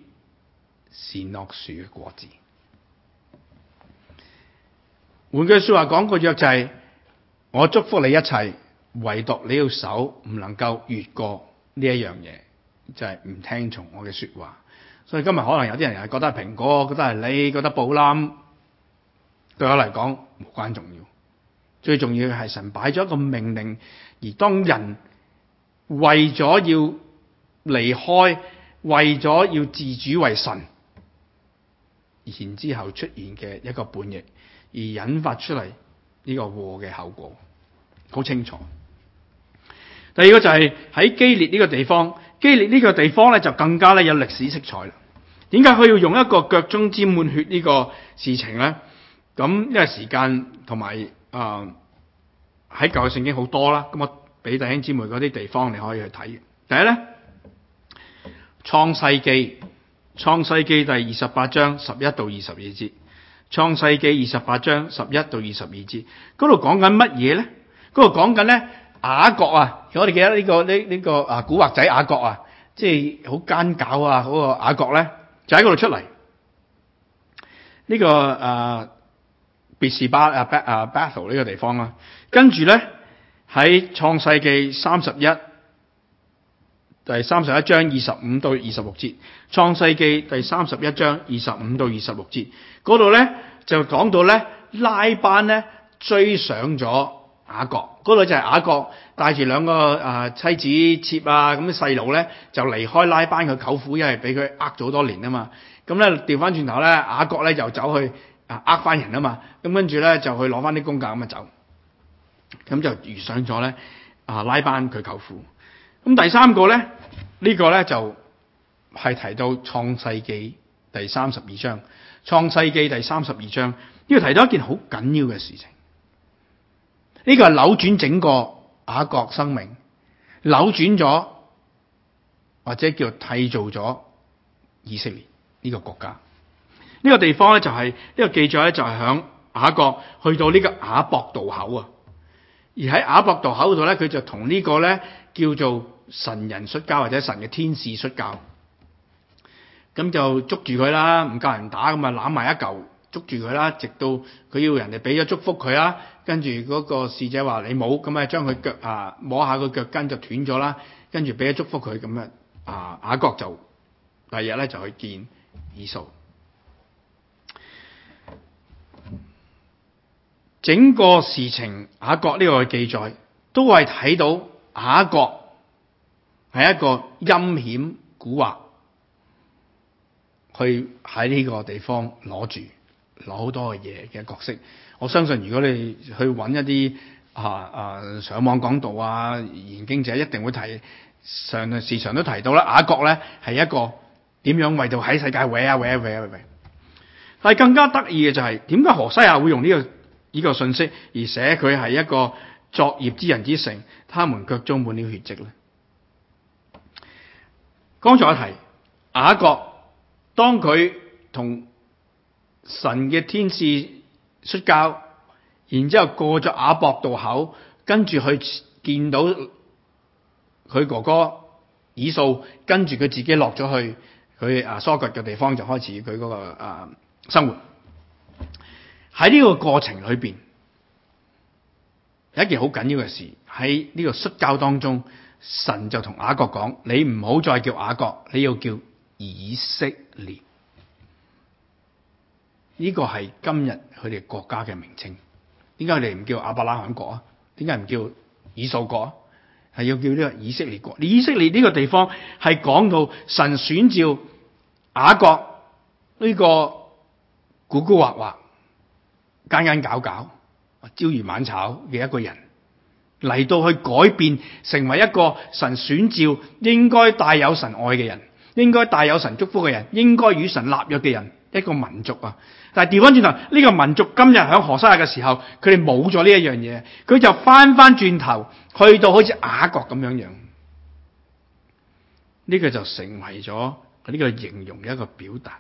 善惡樹嘅果子。換句話說句話講、就是，個約就係我祝福你一切，唯獨你要手唔能夠越過呢一樣嘢，就係、是、唔聽從我嘅說話。所以今日可能有啲人係覺得係蘋果，覺得係你覺得布冧，對我嚟講無關重要。最重要嘅係神擺咗一個命令，而當人為咗要離開，為咗要自主為神，然之後出現嘅一個叛逆，而引發出嚟呢個禍嘅後果，好清楚。第二個就係喺基列呢個地方，基列呢個地方咧就更加咧有歷史色彩啦。點解佢要用一個腳中沾滿血呢個事情咧？咁因為時間同埋啊喺舊嘅聖經好多啦，咁我俾弟兄姊妹嗰啲地方你可以去睇。第一咧，《創世記》創世記第二十八章十一到二十二節，《創世記》二十八章十一到二十二節，嗰度講緊乜嘢咧？嗰度講緊咧雅各啊！我哋記得呢、這個呢呢、這個、這個、啊古惑仔雅各啊，即係好奸狡啊！嗰、那個雅各咧。喺嗰度出嚟，呢、這個誒，別是巴啊伯特利呢個地方啦，跟住咧喺創世紀三十一，第三十一章二十五到二十六節，創世紀第三十一章二十五到二十六節，嗰度咧就講到咧，拉班咧追上咗。雅各嗰個就係雅各，帶住兩個誒、呃、妻子妾啊咁細路咧就離開拉班佢舅父，因為俾佢呃咗好多年啊嘛。咁咧調翻轉頭咧，雅各咧就走去啊呃翻人啊嘛。咁、嗯、跟住咧就去攞翻啲工價咁啊走。咁、嗯、就遇上咗咧啊拉班佢舅父。咁、嗯、第三個咧呢、這個咧就係提到創世記第三十二章。創世記第三十二章呢、這個提到一件好緊要嘅事情。呢個係扭轉整個雅各生命，扭轉咗或者叫做締造咗以色列呢、這個國家。呢、這個地方咧就係、是、呢、這個記載咧就係響雅各去到呢個雅博渡口啊。而喺雅博渡口度咧，佢就同呢個咧叫做神人摔跤或者神嘅天使摔跤，咁就捉住佢啦，唔夠人打咁啊攬埋一嚿。捉住佢啦，直到佢要人哋俾咗祝福佢啦，跟住嗰個使者話你冇，咁啊將佢腳啊摸下個腳跟就斷咗啦，跟住俾咗祝福佢咁樣啊，雅各就第二日咧就去見以掃，整個事情，雅各呢個記載都係睇到雅各係一個陰險蠱惑，去喺呢個地方攞住。攞好多嘅嘢嘅角色，我相信如果你去揾一啲啊啊，上網講道啊研經者，一定會提上時常都提到啦。雅各咧係一個點樣為到喺世界毀啊毀啊毀啊毀，啊啊啊！但係更加得意嘅就係點解何西亞會用呢，這個呢，這個信息，而寫佢係一個作孽之人之城，他們腳中滿了血迹咧。剛才我提雅各，當佢同。神嘅天使摔跤，然之後過咗雅博渡口，跟住去見到佢哥哥以掃，跟住佢自己落咗去佢啊疏割嘅地方，就開始佢個啊生活。喺呢個過程裏邊，有一件好緊要嘅事喺呢個摔跤當中，神就同雅各講：你唔好再叫雅各，你要叫以色列。呢個係今日佢哋國家嘅名稱，點解佢哋唔叫亞伯拉罕國啊？點解唔叫以撒國啊？係要叫呢個以色列國。以色列呢個地方係講到神選召雅各呢個古古惑惑、奸奸搞搞、朝如晚炒嘅一個人嚟到去改變，成為一個神選召應該帶有神愛嘅人，應該帶有神祝福嘅人，應該與神立約嘅人。一個民族啊，但係調翻轉頭，呢個民族今日喺何西阿嘅時候，佢哋冇咗呢一樣嘢，佢就翻翻轉頭去到好似雅各咁樣樣，呢個就成為咗呢個形容嘅一個表達，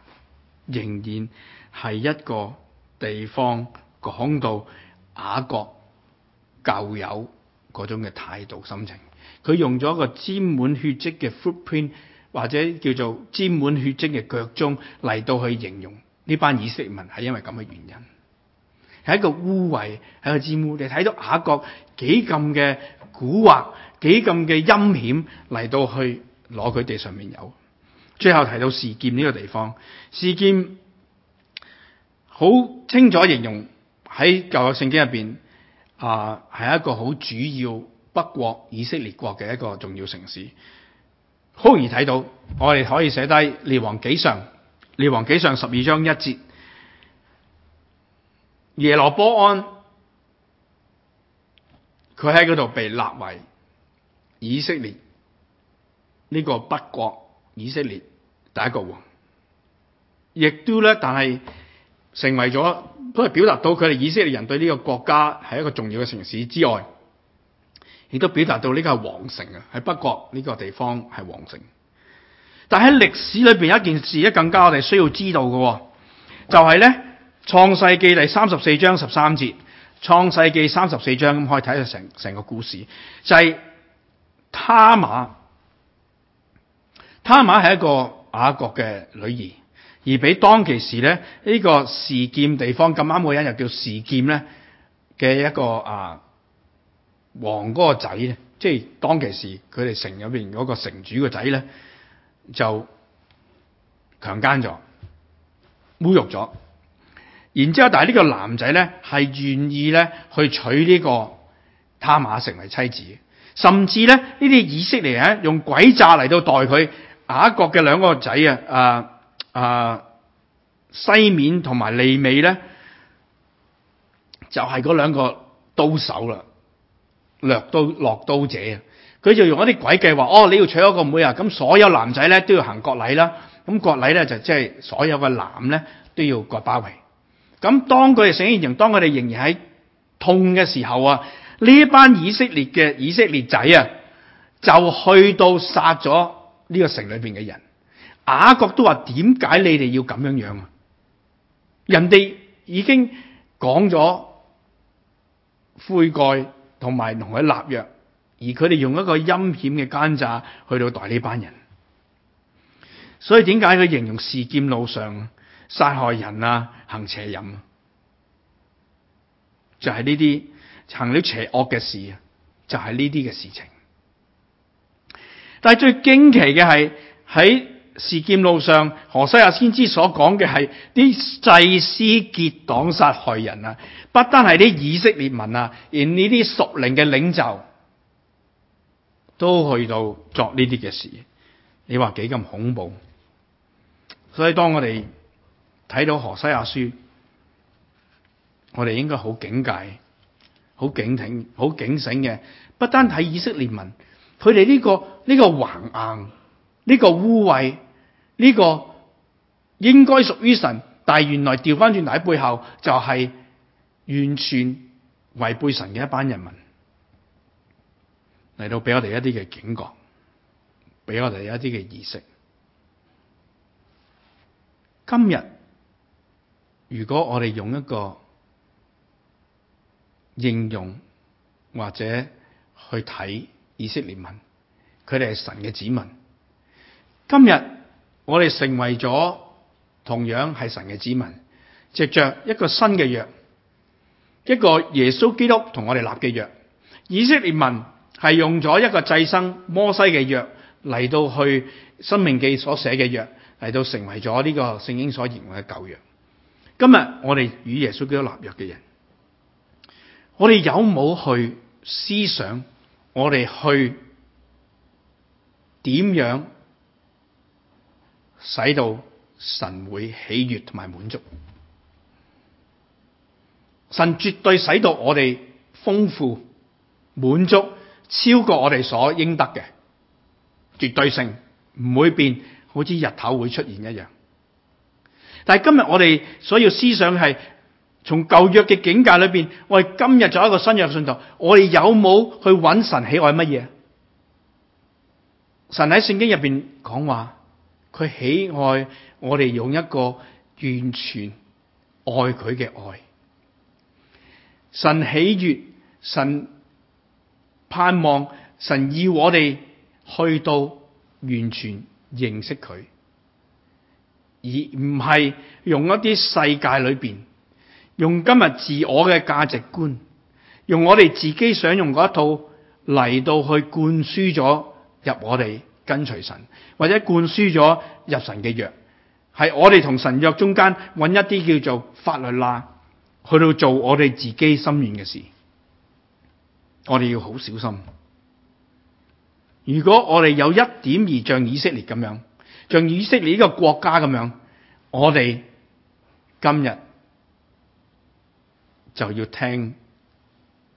仍然係一個地方講到雅各舊有嗰種嘅態度心情，佢用咗一個沾滿血跡嘅 footprint。或者叫做沾滿血跡嘅腳中嚟，到去形容呢班以色列民係，因為咁嘅原因，係一個污穢，係一個玷污。你睇到雅各幾咁嘅蠱惑，幾咁嘅陰險嚟到去攞佢哋上面有。最後提到示劍呢個地方，示劍好清楚形容喺舊約聖經入邊啊，係、呃、一個好主要北國以色列國嘅一個重要城市。好容易睇到，我哋可以寫低列王紀上，列王紀上十二章一節，耶羅波安，佢喺度被立為以色列呢個北國以色列第一個王，亦都咧，但係成為咗，都係表達到佢哋以色列人對呢個國家係一個重要嘅城市之外。亦都表達到呢個係皇城啊，喺北國呢個地方係皇城。但喺歷史裏邊有一件事咧，更加我哋需要知道嘅，就係咧《創世記》第三十四章十三節，《創世記》三十四章，咁可以睇到成成個故事，就係他瑪，他瑪係一個雅各嘅女兒，而俾當其時咧呢個示劍地方咁啱嘅人又叫示劍咧嘅一個啊。王嗰個仔咧，即係當其時佢哋城入邊嗰個城主個仔咧，就強姦咗、侮辱咗，然之後但係呢個男仔咧係願意咧去娶呢個他瑪成為妻子，甚至咧呢啲以色列人用鬼詐嚟到代佢雅各嘅兩個仔啊啊啊西面同埋利未咧，就係嗰兩個刀手啦。掠刀落刀者啊！佢就用一啲鬼計話，哦，你要娶一個妹啊！咁所有男仔咧都要行割禮啦。咁割禮咧就即係所有嘅男咧都要割包圍。咁當佢哋醒然，當佢哋仍然喺痛嘅時候啊，呢一班以色列嘅以色列仔啊，就去到殺咗呢個城裏邊嘅人。雅各都話，點解你哋要咁樣樣啊？人哋已經講咗悔改。同埋同佢立約，而佢哋用一個陰險嘅奸詐去到代呢班人，所以點解佢形容示劍路上殺害人啊，行邪淫，就係呢啲行啲邪惡嘅事，就係呢啲嘅事情。但係最驚奇嘅係喺。示劍路上，何西阿先知所講嘅係啲祭司結黨殺害人啊！不單係啲以色列民啊，連呢啲屬靈嘅領袖都去到作呢啲嘅事，你話幾咁恐怖？所以當我哋睇到何西阿書，我哋應該好警戒、好警惕、好警醒嘅。不單睇以色列民，佢哋呢個呢、這個橫硬、呢、這個污穢。呢個應該屬於神，但係原來調翻轉喺背後就係、是、完全違背神嘅一班人民嚟到俾我哋一啲嘅警覺，俾我哋一啲嘅意識。今日如果我哋用一個應用或者去睇以色列民，佢哋係神嘅子民。今日。我哋成為咗同樣係神嘅子民，藉着一個新嘅約，一個耶穌基督同我哋立嘅約。以色列民係用咗一個祭生摩西嘅約嚟到去申命記所寫嘅約嚟到成為咗呢個聖經所言嘅舊約。今日我哋與耶穌基督立約嘅人，我哋有冇去思想我哋去點樣？使到神會喜悅同埋滿足，神絕對使到我哋豐富滿足，超過我哋所應得嘅，絕對性唔會變，好似日頭會出現一樣。但係今日我哋所要思想係從舊約嘅境界裏邊，我哋今日就一個新約信徒，我哋有冇去揾神喜愛乜嘢？神喺聖經入邊講話。佢喜愛我哋用一個完全愛佢嘅愛，神喜悅，神盼望，神要我哋去到完全認識佢，而唔係用一啲世界裏邊，用今日自我嘅價值觀，用我哋自己想用嗰一套嚟到去灌輸咗入我哋。跟隨神，或者灌輸咗入神嘅約，係我哋同神約中間揾一啲叫做法律啦，去到做我哋自己心願嘅事。我哋要好小心。如果我哋有一點而像以色列咁樣，像以色列呢個國家咁樣，我哋今日就要聽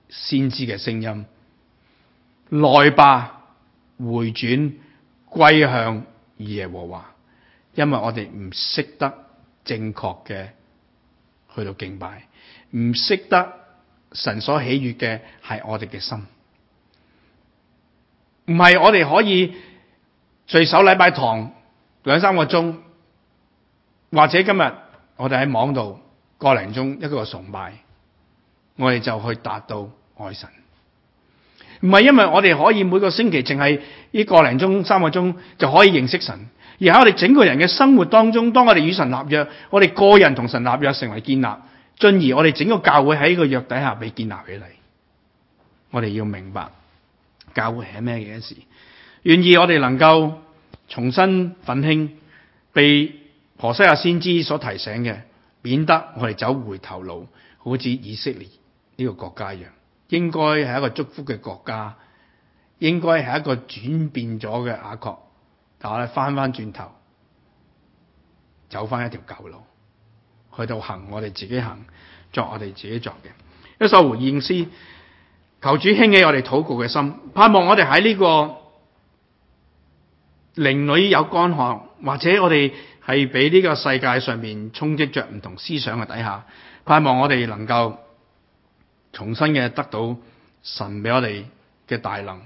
先知嘅聲音，來吧，回轉。歸向耶和華，因為我哋唔識得正確嘅去到敬拜，唔識得神所喜悅嘅係我哋嘅心，唔係我哋可以聚首禮拜堂兩三個鐘，或者今日我哋喺網度個零鐘一個崇拜，我哋就去達到愛神。唔係因為我哋可以每個星期淨係一個零鐘三個鐘就可以認識神，而喺我哋整個人嘅生活當中，當我哋與神立約，我哋個人同神立約成為建立，進而我哋整個教會喺呢個約底下被建立起嚟。我哋要明白教會係咩嘢事，願意我哋能夠重新奮興，被何西阿先知所提醒嘅，免得我哋走回頭路，好似以色列呢個國家一樣。應該係一個祝福嘅國家，應該係一個轉變咗嘅雅各，但我哋翻翻轉頭，走翻一條舊路，去到行我哋自己行，作我哋自己作嘅。一首回應詩，求主興起我哋禱告嘅心，盼望我哋喺呢個靈女有乾旱，或者我哋係俾呢個世界上面衝擊着唔同思想嘅底下，盼望我哋能夠。重新嘅得到神畀我哋嘅大能，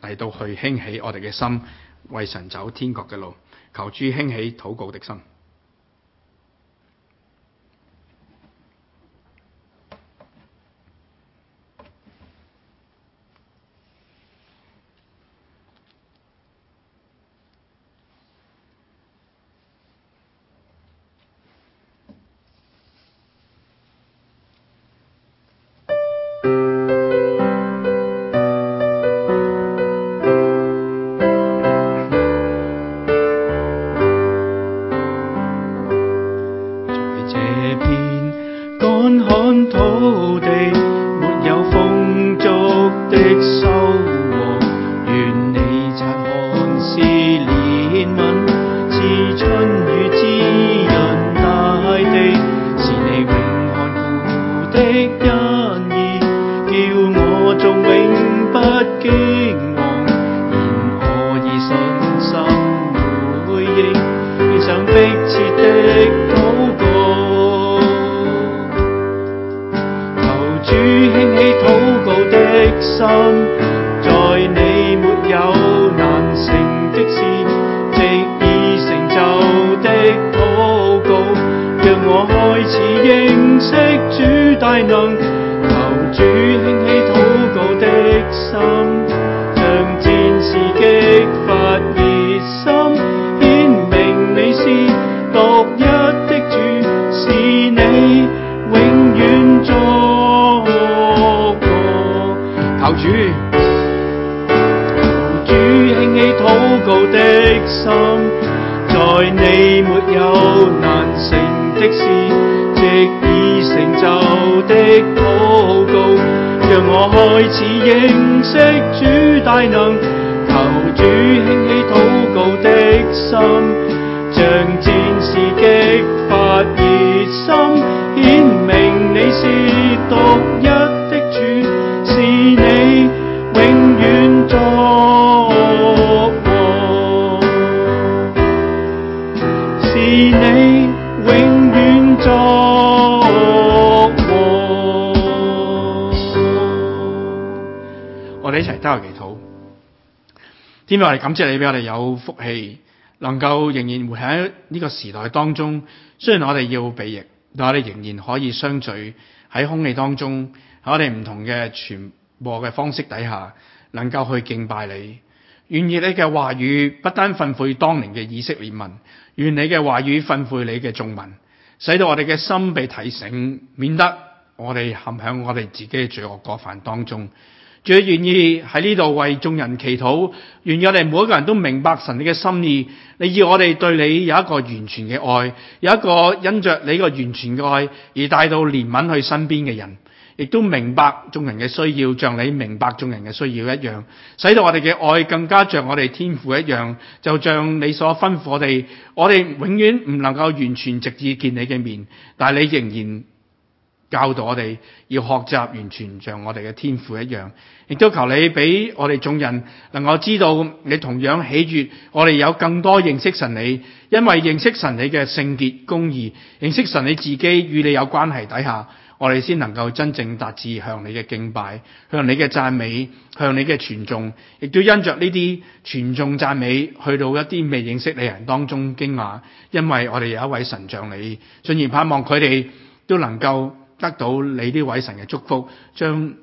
嚟到去興起我哋嘅心，為神走天國嘅路，求主興起禱告的心。我係感謝你俾我哋有福氣，能夠仍然活喺呢個時代當中。雖然我哋要避疫，但我哋仍然可以相聚喺空氣當中，喺我哋唔同嘅傳播嘅方式底下，能夠去敬拜你。願意你嘅話語不單訓誨當年嘅以色列民，願意你嘅話語訓誨你嘅眾民，使到我哋嘅心被提醒，免得我哋陷喺我哋自己嘅罪惡過犯當中。最願意喺呢度為眾人祈禱，願我哋每一個人都明白神你嘅心意，你要我哋對你有一個完全嘅愛，有一個因着你個完全嘅愛而帶到憐憫去身邊嘅人，亦都明白眾人嘅需要，像你明白眾人嘅需要一樣，使到我哋嘅愛更加像我哋天父一樣，就像你所吩咐我哋，我哋永遠唔能夠完全直至見你嘅面，但係你仍然。教導我哋要學習，完全像我哋嘅天父一樣，亦都求你俾我哋眾人能夠知道你同樣喜悅，我哋有更多認識神你，因為認識神你嘅聖潔公義，認識神你自己與你有關係底下，我哋先能夠真正達致向你嘅敬拜，向你嘅讚美，向你嘅傳頌，亦都因着呢啲傳頌讚美，去到一啲未認識你人當中驚訝，因為我哋有一位神像你，進而盼望佢哋都能夠。得到你啲位神嘅祝福，將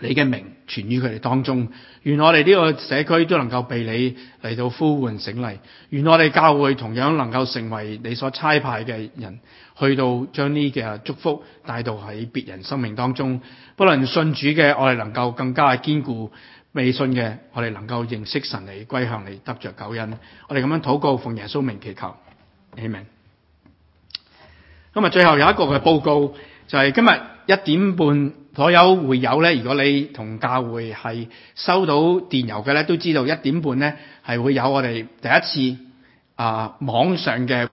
你嘅名傳於佢哋當中。願我哋呢個社區都能夠被你嚟到呼喚醒嚟。願我哋教會同樣能夠成為你所差派嘅人，去到將呢啲嘅祝福帶到喺別人生命當中。不論信主嘅，我哋能夠更加堅固；未信嘅，我哋能夠認識神嚟歸向你，得着救恩。我哋咁樣禱告，奉耶穌名祈求，阿門。咁啊，最後有一個嘅報告。就係今日一點半左右會有咧。如果你同教會係收到電郵嘅咧，都知道一點半咧，係會有我哋第一次啊，網上嘅。